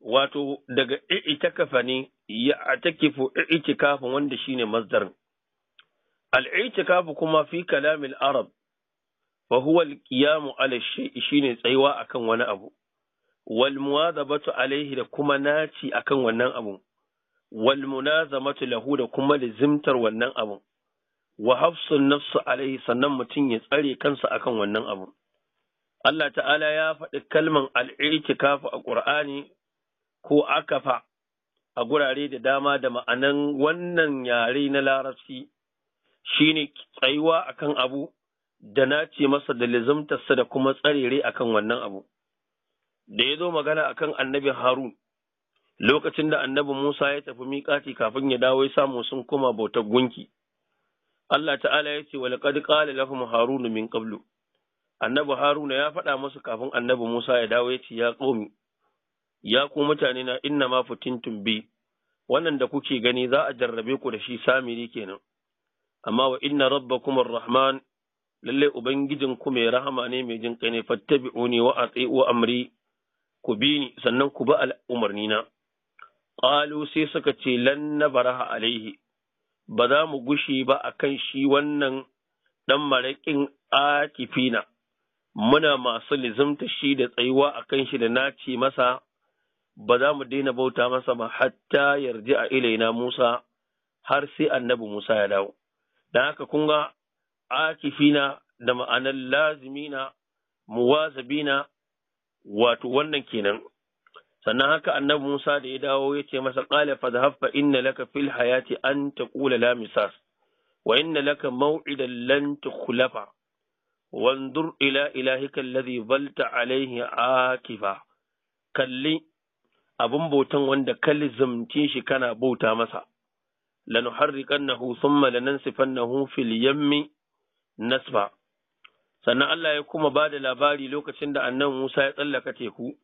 wato daga itikafa ne ya atakifu i'tikafin wanda shine masdarin al'itikafu kuma fi kalamin arab fa huwa alƙiyamu ala tsayuwa akan wani abu da batu alaihi da kuma naci akan wannan abu wal munazamatu lahu da kuma lizimtar wannan abu wa hafsun nafsu alaihi sannan mutum ya tsare kansa akan wannan abu Allah ta'ala ya faɗi kalman al'itikafu a ƙur'ani ko akafa a gurare da dama da ma'anan wannan yare na larabci shine tsayuwa a kan abu da nace masa da lizimtarsa da kuma tsarere a kan wannan abu da ya zo magana a kan annabi harun lokacin da annabi musa ya tafi miƙati kafin ya dawo ya samu sun koma bautar gunki Allah ta'ala ya ce wa laqad qala lahum harun min ƙablu. annabi haruna ya faɗa musu kafin annabi musa ya dawo ya ce ya tsomi ya ku mutane na inna ma fitintum bi wannan da kuke gani za a jarrabe ku da shi samiri kenan amma wa inna kuma rahman lallai ubangijin ku mai rahama ne mai jin kai ne fattabi'uni wa ati'u amri ku bi ni sannan ku bi al'umarni na Ƙalu sai suka ce lan baraha alaihi ba za mu gushi ba akan shi wannan dan maraƙin akifina muna masu lizimta shi da tsayuwa a kan shi da naci masa ba za mu daina bauta masa ba hatta yarji a ilaina Musa har sai annabi Musa ya dawo. Don haka kun ga akifina da ma'anar lazimina muwazabina wato wannan kenan. Sannan haka annabi Musa da ya dawo ya ce masa ƙala fazhaffa inna laka fil hayati an taqula la misas wa inna laka maw'idan lan tukhlafa wandur ila ilahika alladhi balta alaihi akifa kalli abin bautan wanda kalli lizumce shi kana bauta masa lanuharriqannahu thumma lanansifannahu fil yammi nasfa sannan Allah ya kuma ba da labari lokacin da annan Musa ya tsallaka teku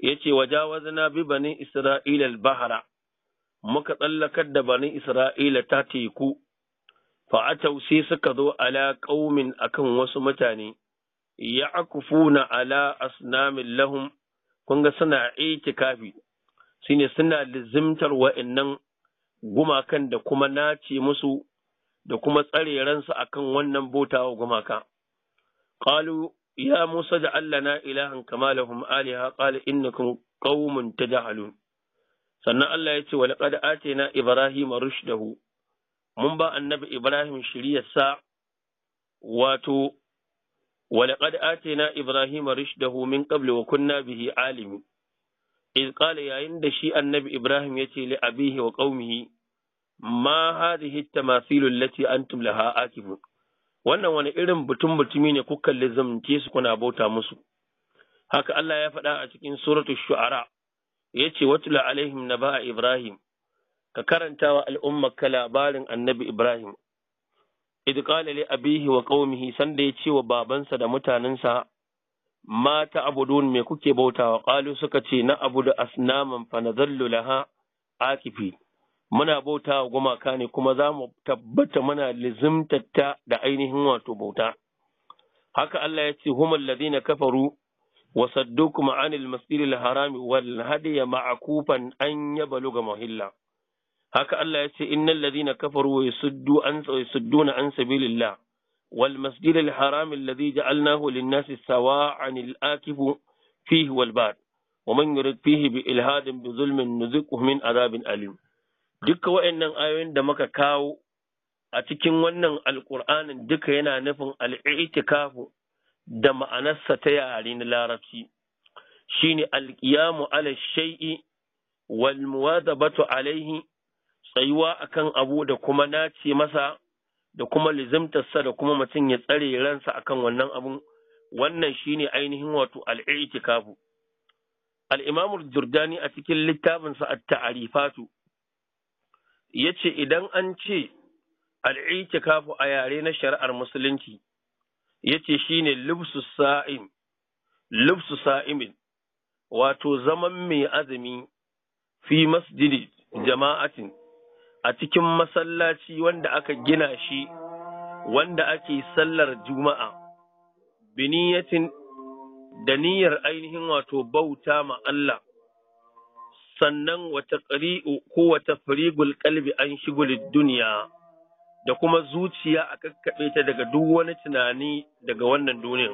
ya ce wajawazna bi bani Isra'ila bahra muka tsallakar da bani Isra'ila ta teku fa'atau sai suka zo ala ƙaumin akan wasu mutane, ya akufuna ala asnamin lahum, kun ga suna itikafi, shine suna lizimtar wa'innan gumakan da kuma nace musu da kuma tsare ransu akan wannan bautawa gumaka. Ƙalu ya Musa da Allah na ilahan kamalahum lahum aliha qala innakum ta jahalu. sannan Allah ya ce wa laqad atina ibrahima rushdahu mun ba annabi Ibrahim shiryarsa wato walaƙad atina Ibrahim rishdahu min qabli wa kunna bihi alimi iz yayin da shi annabi Ibrahim yace li abihi wa qaumihi ma hadhihi at-tamathilu allati antum laha akifu wannan wani irin butun butumi ne ku kalli zumunci su kuna bauta musu haka Allah ya faɗa a cikin suratul shu'ara yace watla alaihim naba'a ibrahim ka karanta wa ka labarin annabi Ibrahim, idh qala li abihi wa ƙaumihi sanda ya ce wa babansa da mutanensa mata abudun me kuke bautawa Ƙalu suka ce na abudu asnaman fa ha laha akifi muna bautawa gumaka ne kuma za mu tabbata muna lizimtatta da ainihin wato bauta haka Allah ya ce humul ladina kafaru wa saddukum anil masjidil harami wal hadiya ma'akufan an luga muhilla haka Allah ya ce innal ladhina kafaru yasuddu an yasudduna an sabilillah wal masjid al haram alladhi ja'alnahu lin nasi sawa'an al akif fihi wal bad wa man yurid fihi bi ilhadin bi zulmin nuziquhu min adabin alim dukkan wayannan ayoyin da muka kawo a cikin wannan alqur'anin duka yana nufin al i'tikafu da ma'anarsa ta yare na larabci shine al qiyamu ala shay'i wal muwadabatu alaihi tsayuwa akan abu da kuma nace masa da kuma lizimtarsa da kuma mutum ya tsare ransa akan wannan abun wannan shine ainihin wato al'itikafu al-imam jurdani a cikin littafinsa ta'arifatu Ya ce idan an ce al'itikafu a yare na shari'ar musulunci yace shine shi sa'im libsu sa'imin wato zaman mai azumi fi masjidi jama'atin a cikin masallaci wanda aka gina shi wanda ake sallar juma'a biniyatin da niyyar ainihin wato bauta ma Allah sannan wata ƙari'u ko wata firigul kalbi an shigulid duniya da kuma zuciya a kakkaɓe ta daga duk wani tunani daga wannan duniyar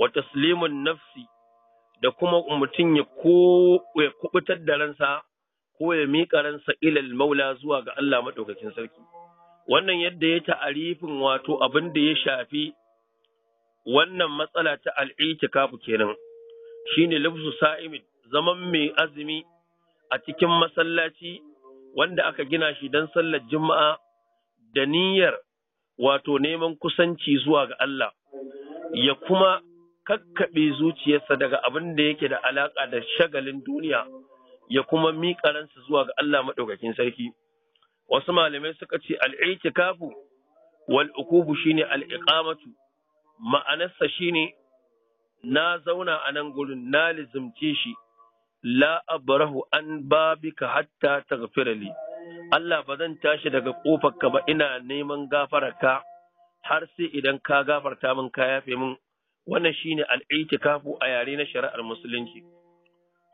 wata taslimun nafsi da kuma mutum ya ko ya kubutar da ransa ko ya miƙa ransa ilal maula zuwa ga Allah maɗaukakin sarki. Wannan yadda ya ta'arifin wato abin da ya shafi wannan matsala ta al'itikafu kenan, shine lubsu sa'imin zaman mai azumi a cikin masallaci wanda aka gina shi don sallar juma'a da niyyar wato neman kusanci zuwa ga Allah, ya kuma kakkaɓe zuciyarsa daga abin da yake da alaƙa da shagalin duniya. ya kuma miƙa ransa zuwa ga Allah maɗaukakin sarki. Wasu malamai suka ce al'itikafu wal ukubu shine al'iqamatu ma'anarsa shine na zauna a nan gurin na lizimce shi la abrahu an babika hatta taghfira Allah ba zan tashi daga ƙofarka ba ina neman gafararka har sai idan ka gafarta min ka yafe min wannan shine al'itikafu a yare na shari'ar musulunci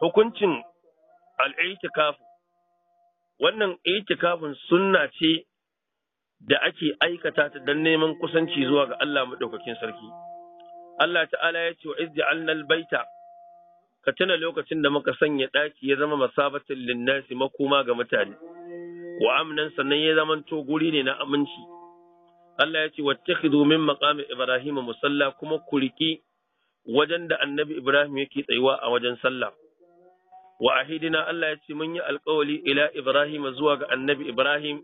hukuncin al'itikafu wannan itikafin sunna ce da ake aikata ta don neman kusanci zuwa ga Allah maɗaukakin sarki. Allah ta'ala ya ce wa izdi annal baita ka tuna lokacin da muka sanya ɗaki ya zama masabatin linnasi makoma ga mutane wa amnan sannan ya zama to guri ne na aminci Allah ya ce ta min maƙamin ibrahim musalla kuma ku riki wajen da annabi ibrahim yake tsayuwa a wajen sallah wa ahidina Allah ya ce mun yi alkawali ila Ibrahim zuwa ga annabi Ibrahim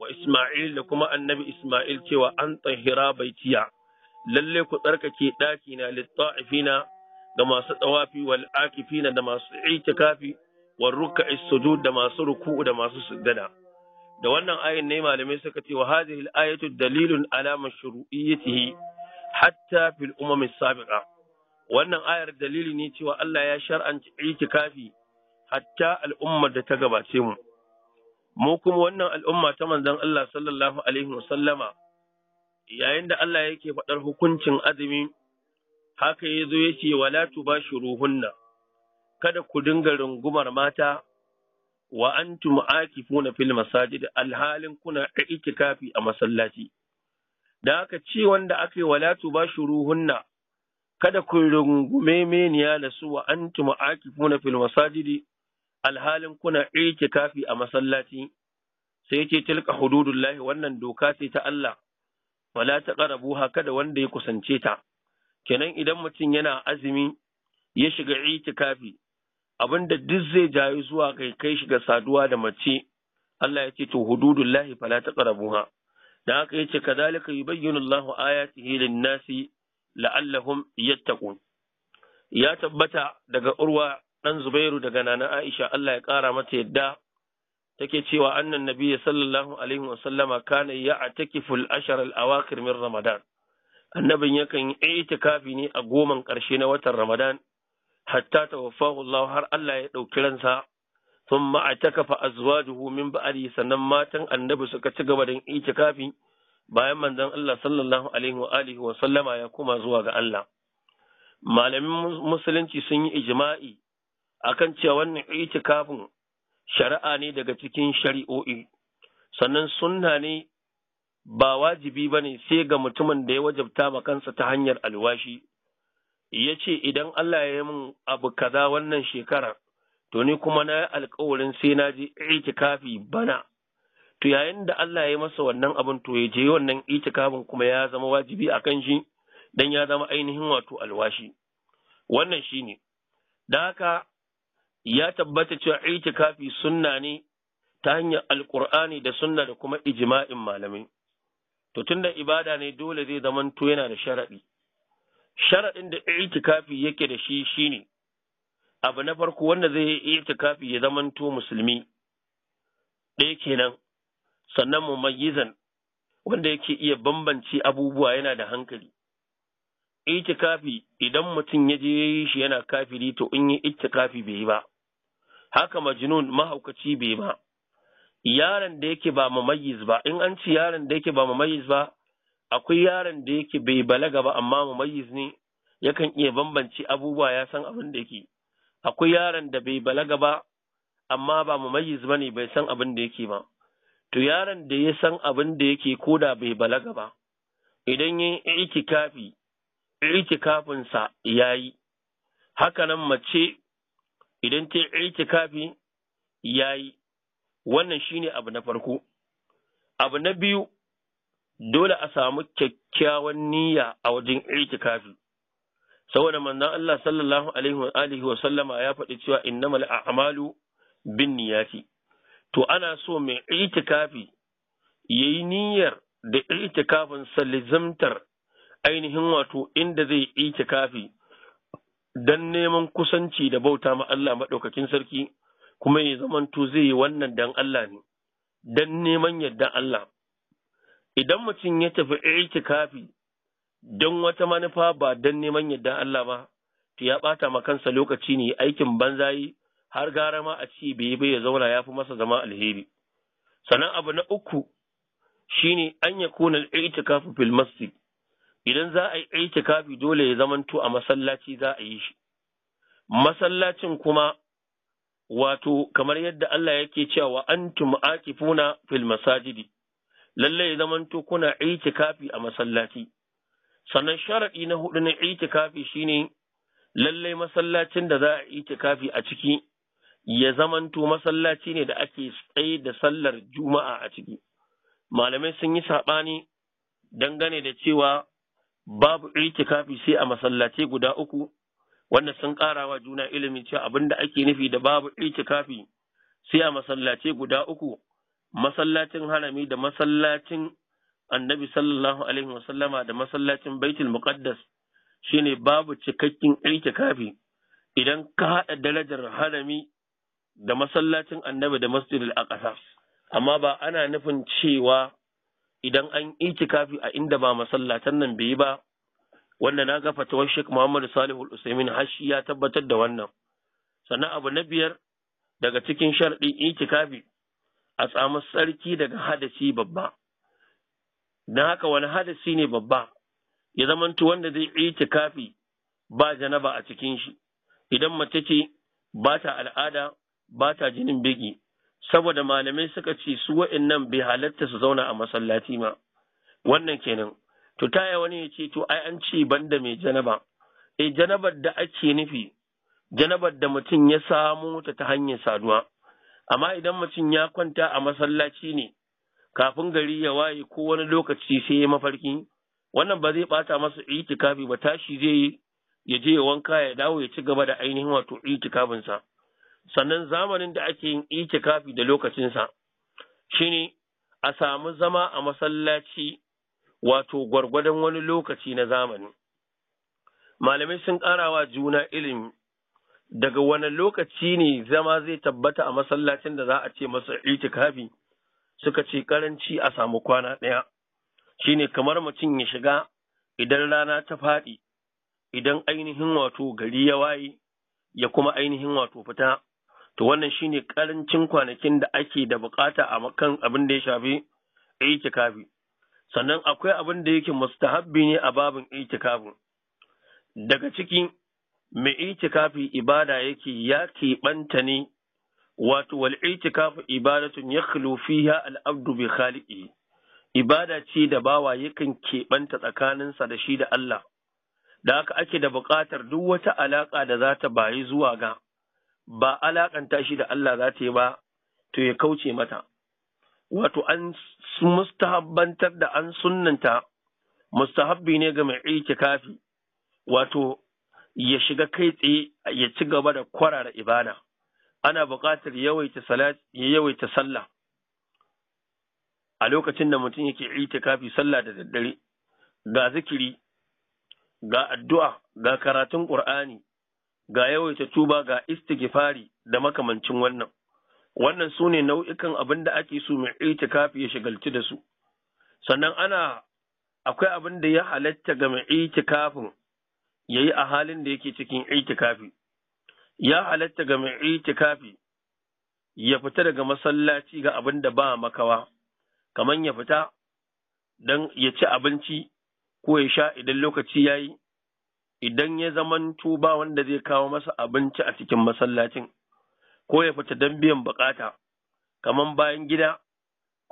wa Ismail da kuma annabi Ismail cewa an bai baitiya lalle ku tsarkake ɗaki na litta'ifina da masu tsawafi wal akifina da masu itikafi wa rukka'i isudu da masu ruku'u da masu sujjada da wannan ayin ne malamai suka ce wa hadhihi al-ayatu dalilun ala mashru'iyyatihi hatta fil umam as-sabiqa wannan ayar dalili ne cewa Allah ya shar'anci itikafi hatta al'ummar da ta gabace mu mu kuma wannan al'umma ta manzan Allah sallallahu alaihi wasallama yayin da Allah yake faɗar hukuncin azumi haka ya zo ya ce shi ruhunna, kada ku dinga rungumar mata wa antum funa fil masajid alhalin kuna itikafi a masallaci da haka ce wanda aka yi wala ruhunna, kada ku rungume meniya da su wa antum funa fil masajid alhalin kuna kafi a masallaci sai ce tilka hududullahi wannan doka ce ta Allah wala haka kada wanda ya kusance ta kenan idan mutum yana azumi ya shiga itikafi abinda duk zai jayi zuwa kai kai shiga saduwa da mace Allah ya ce to hududullahi fala taqrabuha da haka yace yi yubayyinu Allahu ayatihi lin-nasi la'allahum yattaqun ya tabbata daga urwa ɗan Zubairu daga Nana Aisha Allah ya ƙara mata yadda take cewa annan nabi sallallahu alaihi wa sallama kana ya atakiful ashar al awakhir min Ramadan annabin yakan yi itikafi ne a goman ƙarshe na watan Ramadan hatta tawaffahu Allah har Allah ya ɗauki ransa ثم اعتكف azwajuhu min بعده sannan matan annabi suka ci gaba da itikafi bayan manzon Allah sallallahu alaihi wa alihi wa sallama ya kuma zuwa ga Allah malamin musulunci sun yi ijma'i akan cewa wannan itikafin shari'a ne daga cikin shari'o'i sannan sunna ne ba wajibi ba ne sai ga mutumin da ya wajabta ma kansa ta hanyar alwashi ya ce idan Allah ya yi min abu kaza wannan shekara to ni kuma na yi alkawarin sai na je itikafi bana to yayin da Allah ya yi masa wannan abin to ya je wannan itikafin kuma ya zama wajibi a kan shi dan ya zama ainihin wato alwashi wannan shine da haka ya tabbata cewa itikafi sunna ne ta hanyar alkur'ani da sunna da kuma ijma'in malamai to tunda ibada ne dole zai zamanto yana da sharaɗi sharaɗin da itikafi yake da shi shine abu na farko wanda zai yi itikafi ya zamanto musulmi ɗaya kenan sannan mumayyizan wanda yake iya bambance abubuwa yana da hankali itikafi idan mutum ya je ya shi yana kafiri to in yi itikafi bai yi ba haka majnun mahaukaci bai ba. yaron da yake ba mamayiz ba in an ci yaron da yake ba mamayiz ba akwai yaron da yake bai balaga ba amma mamayiz ne yakan iya bambance abubuwa ya san abin da yake akwai yaron da bai balaga ba amma ba mamayiz ba ne bai san abin da yake ba to yaron da ya san abin da yake koda bai balaga ba idan ya yi itikafi itikafinsa ya yi Haka nan mace idan ta itikafi yi, wannan shine abu na farko abu na biyu dole a samu kyakkyawan niyya a wajen itikafi saboda manzon Allah sallallahu alaihi wa alihi wa sallama ya faɗi cewa innamal a'malu bin niyyaci to ana so mai itikafi yi niyyar da itikafin sa ainihin wato inda zai itikafi dan neman kusanci da bauta ma Allah maɗaukakin sarki kuma ya zamanto zai yi wannan dan Allah ne dan neman yaddan Allah idan mutum ya tafi itikafi don wata manufa ba dan neman yaddan Allah ba to ya ɓata ma kansa lokaci ne aikin banzayi har gara ma a ci bai bai ya zauna ya fi masa zama alheri sannan abu na uku shine an yakuna kuna itikafu fil masjid idan za a yi itikafi dole ya zamanto a masallaci za a yi shi masallacin kuma wato kamar yadda Allah yake cewa antum aqifuna fil masajidi lalle ya zamanto kuna itikafi a masallaci sannan sharadi na hudu na itikafi shine lalle masallacin da za a itikafi a ciki ya zamanto masallaci ne da ake tsaye da sallar juma'a a ciki malamai sun yi saɓani dangane da cewa babu itikafi sai a masallace guda uku wanda sun karawa juna ilimin cewa abinda ake nufi da babu itikafi sai a masallace guda uku masallacin harami da masallacin annabi sallallahu alaihi wasallama da masallacin baitul muqaddas shine babu cikakken itikafi idan ka haɗa darajar harami da masallacin annabi da masjidil aqsa amma ba ana nufin cewa idan an itikafi a inda ba masallatan nan bai yi ba wanda na ga fatawar Sheikh Muhammad Salihu Usaimin Hashi ya tabbatar da wannan sannan abu na biyar daga cikin sharɗin itikafi a samu sarki daga hadasi babba dan haka wani hadasi ne babba ya zamanto wanda zai itikafi ba janaba a cikin shi idan mace ce ba ta al'ada ba ta jinin biki saboda malamai suka ce su wa'innan bai halatta su zauna a masallaci ma wannan kenan to taya wani ya ce to ai an ce banda mai janaba eh janabar da ake nufi janabar da mutum ya samu ta ta hanyar saduwa amma idan mutum ya kwanta a masallaci ne kafin gari ya waye ko wani lokaci sai ya mafarki wannan ba zai bata masa itikafi ba tashi zai ya je ya wanka ya dawo ya ci gaba da ainihin wato itikafinsa sa sannan zamanin da ake yin itikafi da lokacinsa shine a samu zama a masallaci wato gwargwadon wani lokaci na zamani malamai sun wa juna ilimi daga wani lokaci ne zama zai tabbata a masallacin da za a ce masa itikafi suka ce karanci a samu kwana ɗaya shine kamar mutum ya shiga idan rana ta faɗi idan ainihin wato gari ya waye ya kuma ainihin wato fita to wannan shine karancin kwanakin da ake da bukata a kan abin da ya shafi itikafi sannan akwai abin da yake mustahabbi ne a babin itikafin daga ciki mai itikafi ibada yake ya keɓanta ne wato wal itikafu ibadatun ya fiha al'abdu bi khali'i ibada ce da bawa yakan keɓanta tsakaninsa da shi da Allah da haka ake da buƙatar duk wata alaƙa da za ta bayi zuwa ga ba alakanta shi da Allah za ta yi ba to ya kauce mata wato an mustahabbantar da an sunnanta mustahabbi ne ga mai itikafi wato ya shiga kai tsaye ya ci gaba da kwarara ibada ana buƙatar yawaita sallah a lokacin da mutum yake itikafi sallah da daddare ga zikiri ga addu'a ga karatun ƙur'ani ga yawaita tuba ga istighfari da makamancin wannan wannan su ne nau'ikan abin da ake so mai itikafi ya shigalci da su sannan ana akwai abin da ya halatta ga mai itikafin ya yi a halin da yake cikin itikafi ya halatta ga mai itikafi ya fita daga masallaci ga abin da ba makawa kamar ya fita don ya ci abinci ko ya sha idan lokaci ya yi idan ya zaman tuba wanda zai kawo masa abinci a cikin masallacin ko ya fita don biyan bukata kamar bayan gida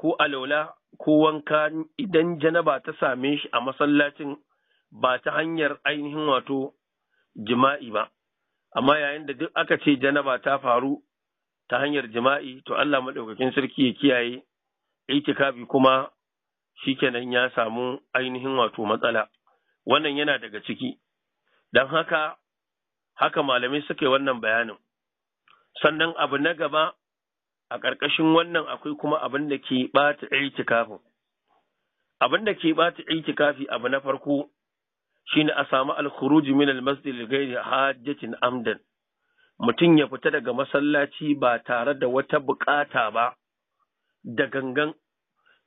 ko alola ko wanka idan janaba ta same shi a masallacin ba ta hanyar ainihin wato jima'i ba amma yayin da duk aka ce janaba ta faru ta hanyar jima'i to Allah maɗaukakin sarki ya kiyaye itikafi kuma shikenan ya samu ainihin wato matsala wannan yana daga ciki Don haka, haka malamai suke wannan bayanin. Sannan abu na gaba a ƙarƙashin wannan akwai kuma abin da ke ɓata itikafin. Abin da ke ɓata itikafi abu na farko shine a samu alkhuruji min almasjid ghairi hajjatin amdan. Mutum ya fita daga masallaci ba tare da wata bukata ba da gangan.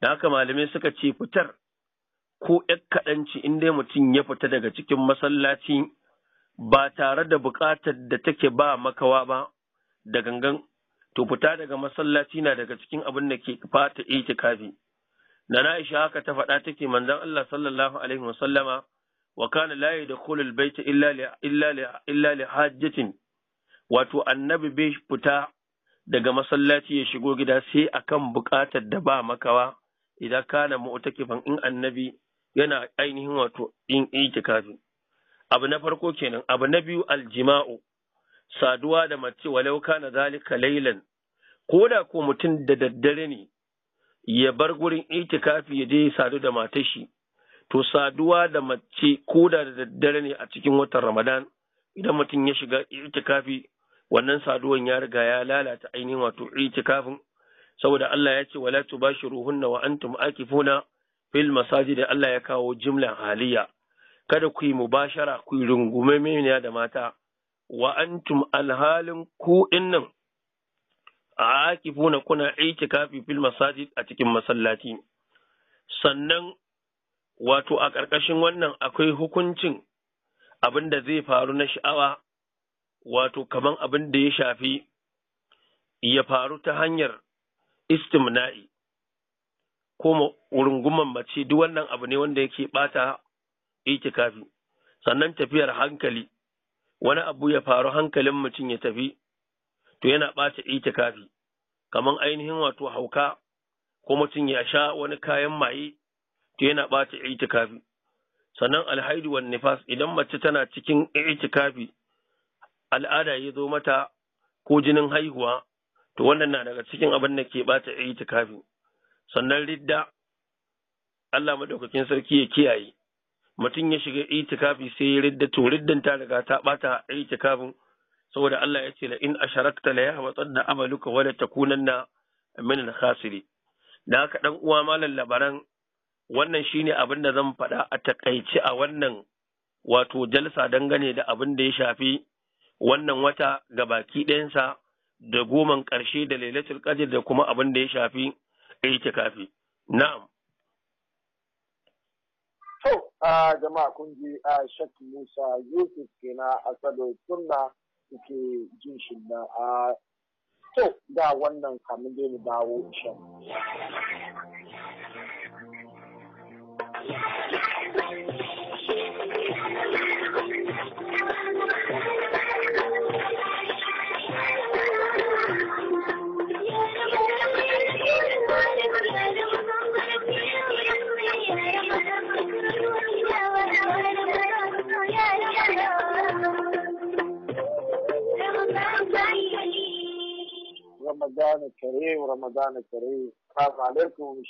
Da haka malamai suka ce fitar ko ‘yar kaɗanci in dai mutum ya fita daga cikin masallaci ba tare da buƙatar da take ba makawa ba da gangan, to fita daga masallaci na daga cikin abin da ke fata itikafi. Na Aisha haka ta faɗa take manzon Allah sallallahu alaihi wasallama wa kana la yadkhulu al illa li hajjatin wato annabi bai fita daga masallaci ya shigo gida sai akan buƙatar da ba makawa idan kana mu'takifan in annabi yana ainihin wato yin itikafi abu na farko kenan abu na biyu aljima'u saduwa da mace walau kana zalika lailan ko da ko mutum da daddare ne ya bar gurin itikafi ya je sadu da matar shi to saduwa da mace ko da daddare ne a cikin watan Ramadan idan mutum ya shiga itikafi wannan saduwan ya riga ya lalata ainihin wato itikafin saboda Allah ya ce wala tubashiruhunna wa antum akifuna fil da Allah ya kawo jimlan haliya kada ku yi mubashara ku yi rungume meniya da mata wa antum alhalin ku dinnan a kuna itikafi fil masajid a cikin masallaci sannan wato a ƙarƙashin wannan akwai hukuncin abinda zai faru na sha'awa wato kaman abin da ya shafi ya faru ta hanyar istimna'i ko rungumar mace duk wannan abu ne wanda yake bata itikafi sannan tafiyar hankali wani abu ya faru hankalin mutum ya tafi to yana bata itikafi kaman ainihin wato hauka ko mutum ya sha wani kayan maye to yana bata itikafi sannan alhaidu wan nifas idan mace tana cikin itikafi al'ada ya zo mata ko jinin haihuwa to wannan na daga cikin abin da ke bata itikafi sannan ridda Allah madaukakin sarki ya kiyaye mutum ya shiga itikafi sai ya ridda to riddan ta riga ta bata itikafin saboda Allah ya ce la in asharakta la yahbatanna amaluka wa la takunanna min al khasiri da haka dan uwa malam labaran wannan shine abin da zan faɗa a takaici a wannan wato jalsa dangane da abin da ya shafi wannan wata ga baki ɗayansa da goman ƙarshe da lailatul qadr da kuma abin da ya shafi itikafi na'am to a jama'a kun ji a shak musa yusuf kenan a sado sunna suke jin shi da a to da wannan kamun da mu dawo shan Thank ramadana kare wa ramadana kare assalamu alaikum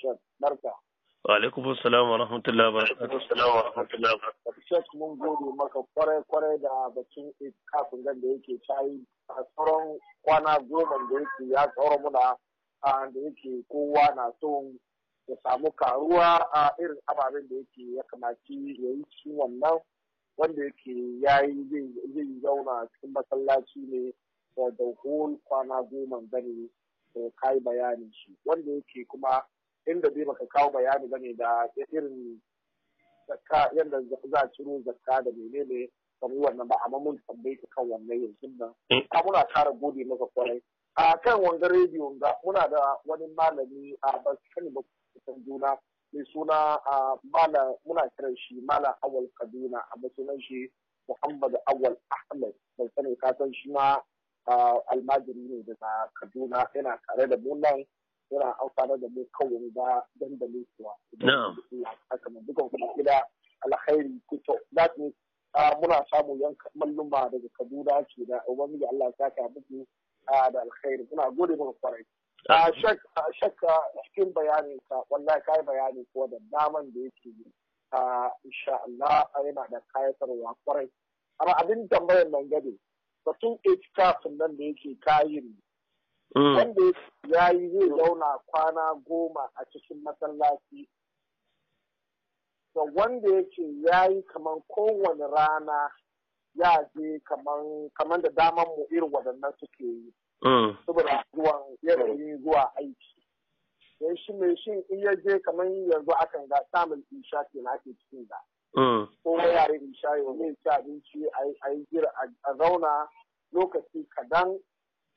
wa alaikum assalam wa rahmatullahi wa barakatuh shek mun gode maka kwarai kwarai da batun kafin gan da yake tayi a tsaron kwana goma da yake ya tsoro muna a da yake kowa na son ya samu karuwa a irin ababen da yake ya kamaci ya yi cikin wannan wanda yake ya yi zai zauna cikin masallaci ne for the kwana goma zane da kai bayanin shi wanda yake kuma inda zai baka kawo bayani bane da irin zakka yadda za a ciro zakka da menene kamar wannan ba amma mun tambaye ta kan wannan yanzu nan mm. a muna kara gode maka kwarai a kan wanga rediyo ga muna da wani malami a ba sani ba juna mai suna a mala muna kiran shi mala awal kaduna a sunan shi muhammad awal ahmed ban sani ka san shi ma almajiri ne daga kaduna yana tare da mu nan yana amfana da mu kawai ba dandalin kuwa. Na'am. Haka dukan kuma gida alkhairi kuto. That means muna samu yanka malluma daga Kaduna ke da Ubangiji Allah ya saka muku da alkhairi. Muna gode maka kwarai. Shakka cikin bayanin ka wallahi kai bayani ko da daman da yake yi. Insha Allah yana da kayatarwa kwarai. Amma abin tambayar nan gade batun itikafin nan da yake kayin mm. wanda ya yi zai zauna kwana goma a cikin masallaci da wanda yake ya yi kamar kowane rana ya je kamar da daman mu irin waɗannan suke yi mm. saboda zuwan yanayin zuwa aiki don shi mai shin in ya je kamar yanzu akan ga samun isha ke na ake cikin da Mm. ko yare in sha yomin ci abinci a yi jira a zauna lokaci kadan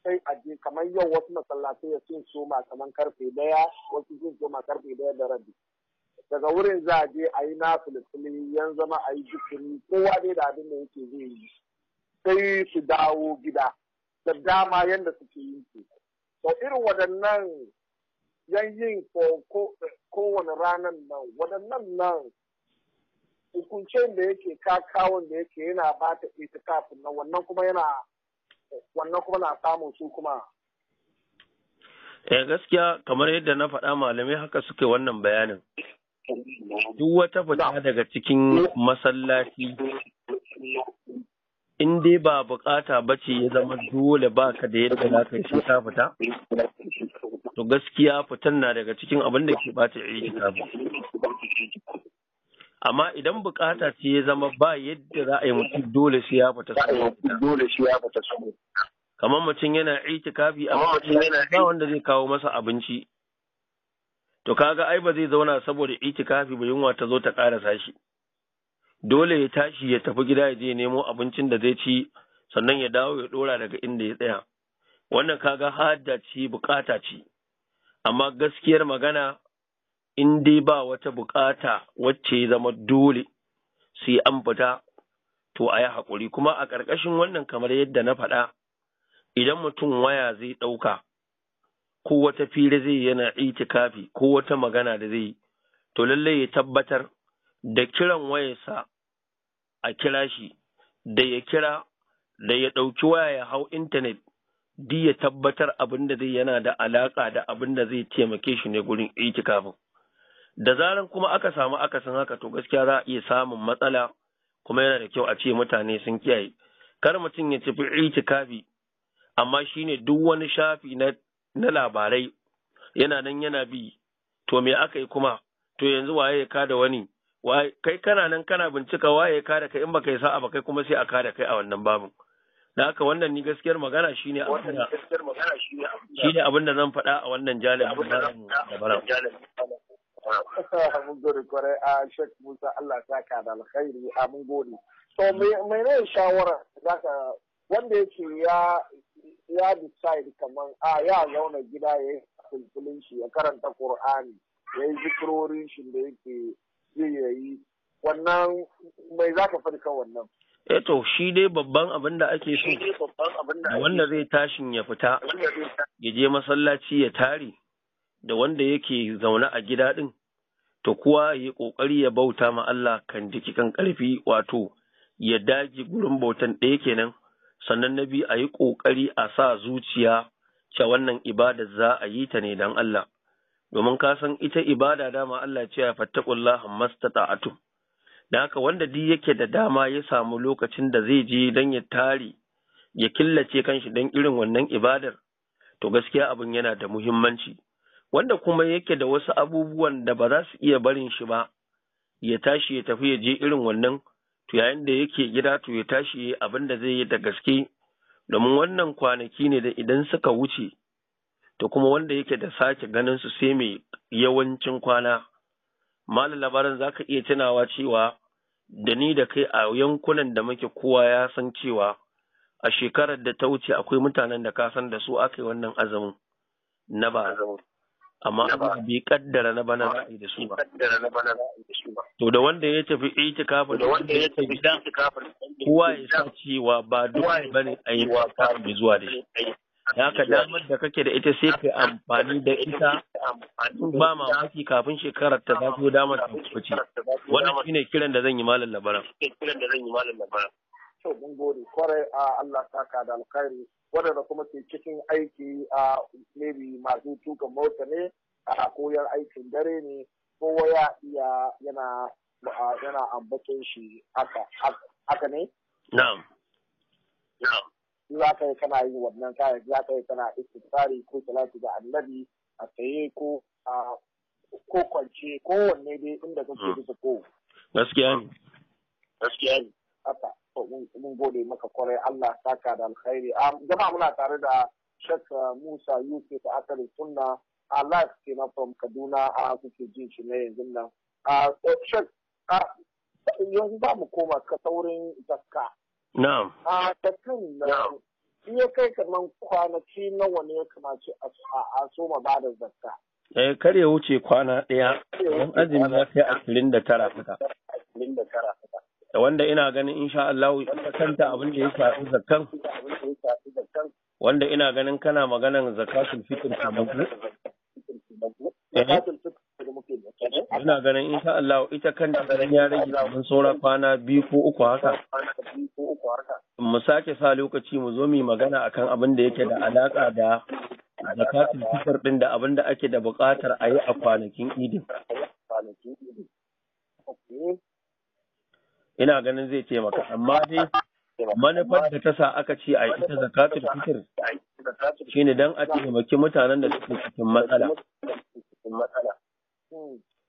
sai a je kamar yau wasu masallatai ya sun soma kamar karfe daya wasu sun soma karfe daya da rabi daga wurin za a je a yi na filifili yan zama a yi jikiri kowa dai da abin da yake zai yi sai su dawo gida da dama yadda suke yi su to irin waɗannan yan yin ko kowane ranar nan waɗannan nan hukuncen da yake kakawon da yake yana ba ta itikafin nan wannan kuma yana wannan kuma na samun su kuma eh gaskiya kamar yadda na faɗa malamai haka suke wannan bayanin duk wata fita daga cikin masallaci in dai ba bukata ba ce ya zama dole ba ka da yadda za ka yi shi ta fita to gaskiya fitan na daga cikin abin da ke bata iya amma idan bukata ce ya zama ba yadda za a yi mutum dole shi ya fita dole su kamar mutum yana itikafi amma mutum yana ba wanda zai kawo masa abinci to kaga ai ba zai zauna saboda itikafi ba yunwa ta zo ta karasa shi dole ya tashi ya tafi gida ya je nemo abincin da zai ci sannan ya dawo ya dora daga inda ya tsaya wannan kaga hada ci bukata ce amma gaskiyar magana in dai ba wata bukata wacce ya zama dole sai an fita to a yi haƙuri kuma a ƙarƙashin wannan kamar yadda na faɗa idan mutum waya zai ɗauka ko wata fira zai yana itikafi ko wata magana da zai yi to lallai ya tabbatar da kiran wayarsa a kira shi da ya kira da ya ɗauki waya ya hau intanet di ya tabbatar abin da zai yana da alaƙa da abin da zai taimake shi ne gurin itikafin. da zaran kuma aka samu akasin haka to gaskiya za a iya samun matsala kuma yana da kyau a ce mutane sun kiyaye kar mutum ya tafi itikafi amma shine duk wani shafi na labarai yana nan yana bi to me aka yi kuma to yanzu waye ya kada wani kai kana nan kana bincika waye ya kada kai in baka kai sa'a ba kai kuma sai a kada kai a wannan babin da haka wannan ni gaskiyar magana shine abin da zan faɗa a wannan jalibin da Mun gode kwarai a Sheikh Musa Allah ta ka da alkhairi a mun gode. To mai ne shawara ka? wanda yake ya ya decide kaman a ya zauna gida ya yi kulkulin shi ya karanta Qur'ani ya yi zikirorin shi da yake zai yi, wannan mai za zaka farka wannan. Eh to shi dai babban abin da ake so wanda zai tashin ya fita ya je masallaci ya tari, da wanda yake zaune a gida din. to kuwa ya ƙoƙari ya bauta ma Allah kan jiki kan ƙarfi wato ya dage gurin bautan ɗaya kenan sannan na biyu a yi ƙoƙari a sa zuciya ce wannan ibada za a yi ta ne don Allah domin ka san ita ibada dama Allah ce ya fattakullah mastata'atu da haka wanda duk yake da dama ya samu lokacin da zai je dan ya tare ya killace kanshi dan irin wannan ibadar to gaskiya abin yana da muhimmanci wanda kuma yake da wasu abubuwan da ba za su iya barin shi ba ya tashi ya tafi ya je irin wannan to yayin da yake gida to ya tashi ya abin da zai yi da gaske domin wannan kwanaki ne da idan suka wuce to kuma wanda yake da sake ganin su sai mai yawancin kwana mala labarin za ka iya tunawa cewa da ni da kai a yankunan da muke kowa ya san cewa a shekarar da ta wuce akwai mutanen da ka san da su aka yi wannan azumin na ba azumin amma Allah bi kaddara na bana ra'ayi da su ba to da wanda ya tafi ita kafa da wanda ya tafi gida kowa ya sa cewa ba dole bane a yi mai zuwa da shi haka damar da kake da ita sai ka amfani da ita ba mamaki kafin shekarar ta zafi damar ta kuce wannan shine kiran da zan yi malam labaran kiran da zan yi malam labaran to mun gode a Allah da alkhairi waɗanda kuma ke cikin aiki a maybe masu tuka mota ne a koyar aikin dare ne kowa ya iya yana yana ambaton shi haka ne? Na'am. Za ka yi kana yi wannan kayan za ka yi kana istifari ko talatu da annabi a tsaye ko ko kwance ko wanne dai inda kake hmm. bisa ko. Gaskiya ne. Gaskiya ne. Haka. mun gode maka kwarai Allah saka da alkhairi jama'a muna tare da Sheikh uh, Musa Yusuf ta asalin sunna a live kenan from Kaduna a kuke jin shi na yanzu nan Sheikh yanzu za mu koma ka saurin zakka na'am a zakkan nan in ya kai kaman kwanaki nawa ne ya kamace a ma ba da zakka eh kar ya wuce kwana ɗaya mun azumi na kai 29 da da wanda ina ganin insha Allah kanta abin da ya shafi zakkan wanda ina ganin kana maganan zakatul fitr kamar eh. ina ganin insha Allah ita kanta garin ya rage mun saura kwana biyu ko uku haka mu sake sa lokaci mu zo mu magana akan abin da yake da alaka da zakatul fitr din da abin da ake da buƙatar a yi a kwanakin idin ina ganin zai taimaka amma dai manufar da ta sa aka ce a ita zakatul fitr shine dan a taimaki mutanen da suke cikin matsala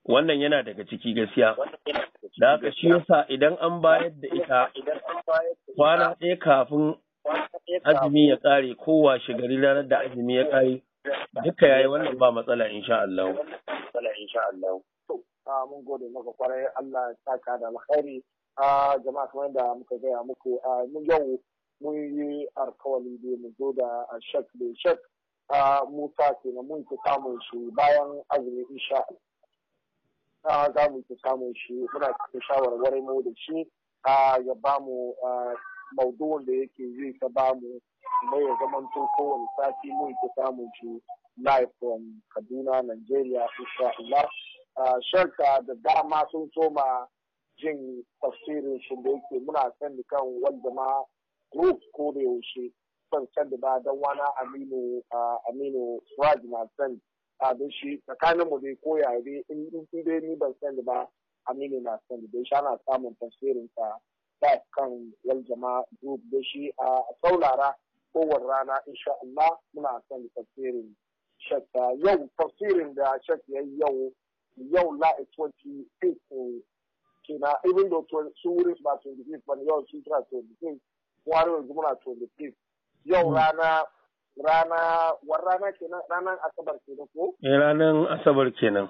wannan yana daga ciki gaskiya da aka shi yasa idan an bayar da ita kwana ɗaya kafin azumi ya ƙare kowa shigari ranar da azumi ya ƙare duka yayi wannan ba matsala insha Allah mun gode maka kwarai Allah ya saka da alkhairi a ah, jama'a kamar da muka gaya muku a ah, mun yau mun yi alkawali da mu zo da shak da a ah, musa na mun ki samun shi bayan azumi insha a za mu ki samun shi muna cikin shawarwarin mu da shi ya ba mu maudu'in da yake zai ta ba mu mai ya zama tun kowane sati mun ki samun shi live from Kaduna Nigeria insha Allah shak da dama sun soma jin tafsirin shi da yake muna sani kan wanda ma group ko da yaushe ban sani ba dan wani aminu aminu suwaji na sani abin shi tsakanin mu dai ko yare in dai ni ban sani ba aminu na sani dai shi ana samun tafsirin sa ba kan wal jama'a group da shi a saulara kowar rana insha Allah muna sani tafsirin shakka yau tafsirin da shakka yayi yau yau la 28 ke na even though su wurin su ba 25 ba yau su 26, 25 wani yanzu muna 25 yau rana rana wani rana kenan ranar asabar kenan ko? eh ranar asabar kenan.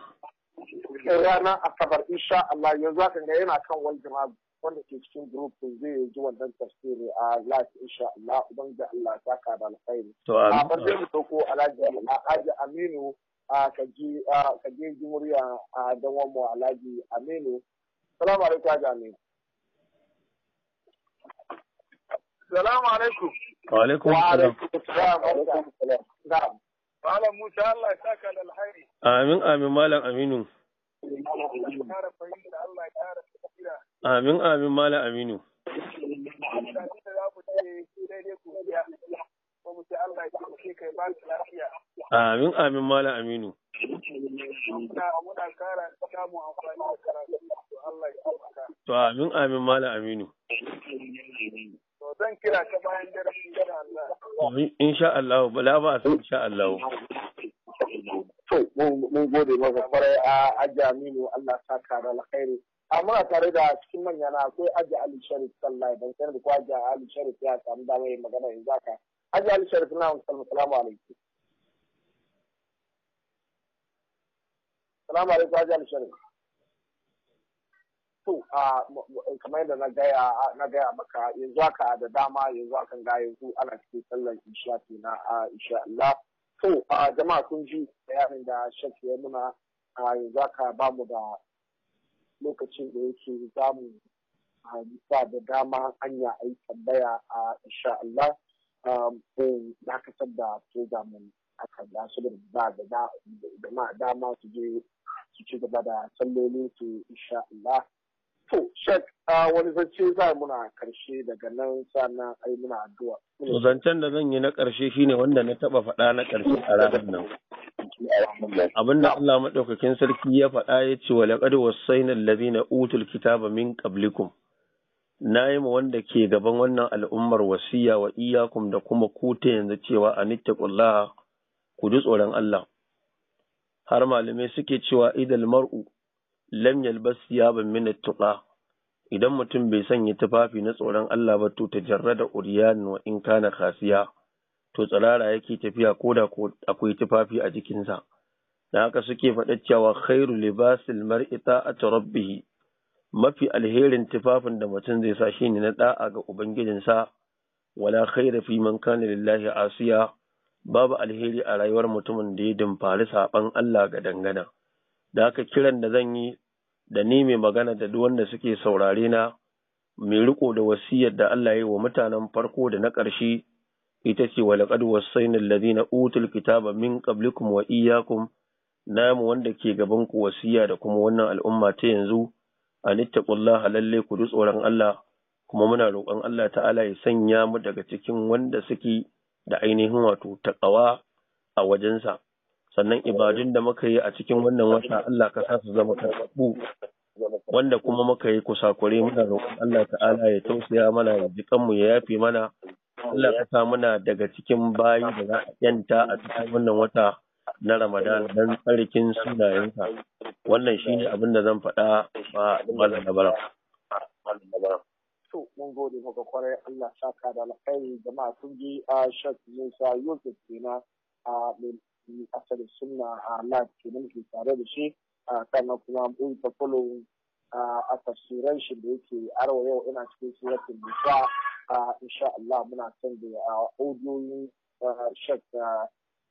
Eh, ranar asabar Isha, Allah yanzu haka ga yana kan wal jama'a wanda ke cikin group din zai yanzu wannan tafsiri a lati insha Allah da Allah ta ka da alkhairi. to a zai fito ko alhaji alhaji Aminu a kaji kaji jimuriya a dan wani alhaji Aminu Salamu alaikum Haji Aminu. Salamu alaikum. Wa alaikum salam. Malam Musa Allah ya saka da alhairi. Amin amin Malam Aminu. Amin amin Malam Aminu. ko mu ce Allah ya taimake kai ba su lafiya. Amin amin malam Aminu. Muna muna kara samun amfani da karatu to Allah ya taimaka. To amin amin malam Aminu. To zan kira ka bayan darasi insha Allah. Insha Allah bala ba san insha Allah. To mun gode maka kwarai a ajiye Aminu Allah saka da alkhairi. a muna tare da cikin manya akwai aji ali sharif sallai ban sanar ko aji ali sharif ya samu damar yin magana yanzu haka Hajji Ali Sharif na musamman salamu alaikum. Salamu alaikum Hajji Ali Sharif. To, kamar yadda na gaya maka yanzu haka da dama yanzu aka ga yanzu ana cikin sallan isha na isha Allah. To, jama'a kun ji bayanin da shafi ya muna yanzu haka ba mu da lokacin da yake za mu sa da dama hanya a yi tambaya a isha Allah. dakatar um, eh, da programin akan da su da ba da dama su je su ci gaba da sallolin su insha Allah to shek wani zance za muna karshe daga nan sannan ai muna addu'a to zancen da zan yi na karshe shine wanda na taba faɗa na karshe a ranar nan abinda Allah madaukakin sarki ya faɗa ya ce wa laqad wasaina allazina utul kitaba min qablikum na yi ma wanda ke gaban wannan al'ummar wasiya wa iyakum da kuma kuta yanzu cewa a nittaqullaha ku ji tsoron Allah har malamai suke cewa idal mar'u lam yalbas thiyaban min tuqa idan mutum bai sanya tufafi na tsoron Allah ba to ta da uriyan wa in kana khasiya to tsirara yake tafiya koda ko akwai tufafi a jikinsa da haka suke faɗa cewa khairu libasil marita ta'atu rabbih mafi alherin tufafin da mutum zai sa shi ne na da'a ga ubangijinsa wala khaira fi man kana lillahi asiya babu alheri a rayuwar mutumin da ya dimfari saban Allah ga dangana da haka kiran da zan yi da ni mai magana da duk wanda suke saurare na mai riko da wasiyar da Allah ya yi wa mutanen farko da na ƙarshe ita ce wa laqad wasaina alladhina utul kitaba min qablikum wa iyyakum namu wanda ke gaban ku wasiya da kuma wannan al'umma ta yanzu an lalle ku ji tsoron Allah kuma muna roƙon Allah ta'ala ya sanya mu daga cikin wanda suke da ainihin wato taqawa a wajensa sannan ibadun da muka yi a cikin wannan wata Allah ka sa su zama karɓu wanda kuma muka yi kusakure muna roƙon Allah ta'ala ya tausaya mana ya ji kanmu ya yafe mana Allah ka sa muna daga cikin bayi da za a yanta a cikin wannan wata na Ramadan dan tsarkin sunayenka wannan shine abin da zan faɗa ba malam labaran to mun gode maka kwarai Allah saka da alkhairi jama'a kun ji a shak Musa Yusuf kenan a mai asali sunna a live kenan ke tare da shi a kana kuma mun ta follow a tafsirin shi da yake arwa yau ina cikin suratul Musa insha Allah muna son da audiyoyin shak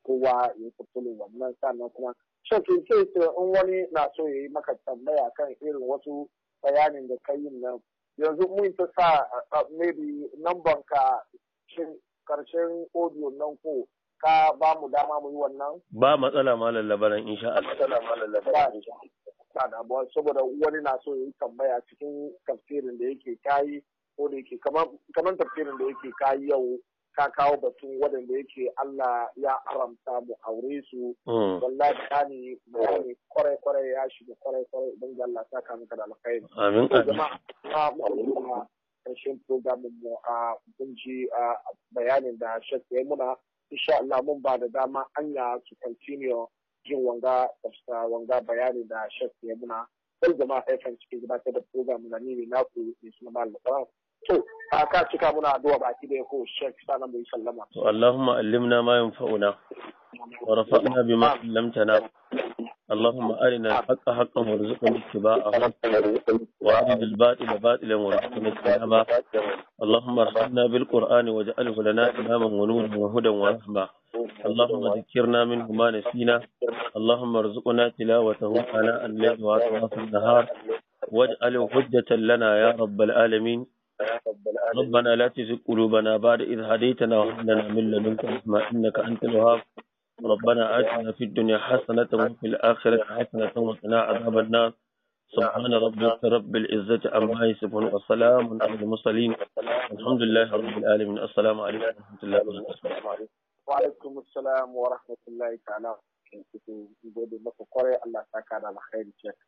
kowa ya yi wannan sannan kuma shafi ce in wani na so ya yi maka tambaya kan irin wasu bayanin da ka yi nan yanzu mun ta sa uh, maybe number ka karshen audio nan ko ka ba mu dama mu yi wannan ba matsala malam labaran insha Allah matsala malam labaran insha saboda wani na so ya yi tambaya cikin tafsirin da yake kayi ko da yake kamar tafsirin da yake kayi yau ka kawo batun waɗanda yake Allah ya aramta mu aure su hmm. wallahi yani ne kwarai kwarai ya shiga kwarai kwarai idan ga Allah saka maka da alkhairi amin amin karshen programin mu a kun ji bayanin da shek ya muna insha Allah mun ba da dama anya su continue jin wanga wanga bayanin da shek ya muna sai jama'a FM cikin gabatar da programin na ni ne naku ne suna malam to a ka cika muna addu'a baki da ko shek sanan bai sallama to allahumma allimna ma yanfa'una wa rafa'na bima allamtana اللهم أرنا الحق حقا وارزقنا اتباعه وأرنا الباطل باطلا وارزقنا اجتنابه اللهم ارحمنا بالقرآن واجعله لنا إماما ونورا وهدى ورحمة اللهم ذكرنا منه ما نسينا اللهم ارزقنا تلاوته آناء الليل وأطراف النهار واجعله حجة لنا يا رب العالمين ربنا لا تزغ قلوبنا بعد إذ هديتنا وهب لنا من لدنك رحمة إنك أنت الوهاب ربنا آتنا في الدنيا حسنة وفي الآخرة حسنة وقنا عذاب النار سبحان ربك رب العزة عما يصفون وسلام على المرسلين الحمد لله رب العالمين السلام عليكم ورحمة الله وبركاته وعليكم السلام ورحمة الله تعالى وبركاته gode maka kwarai Allah ta kada alkhairi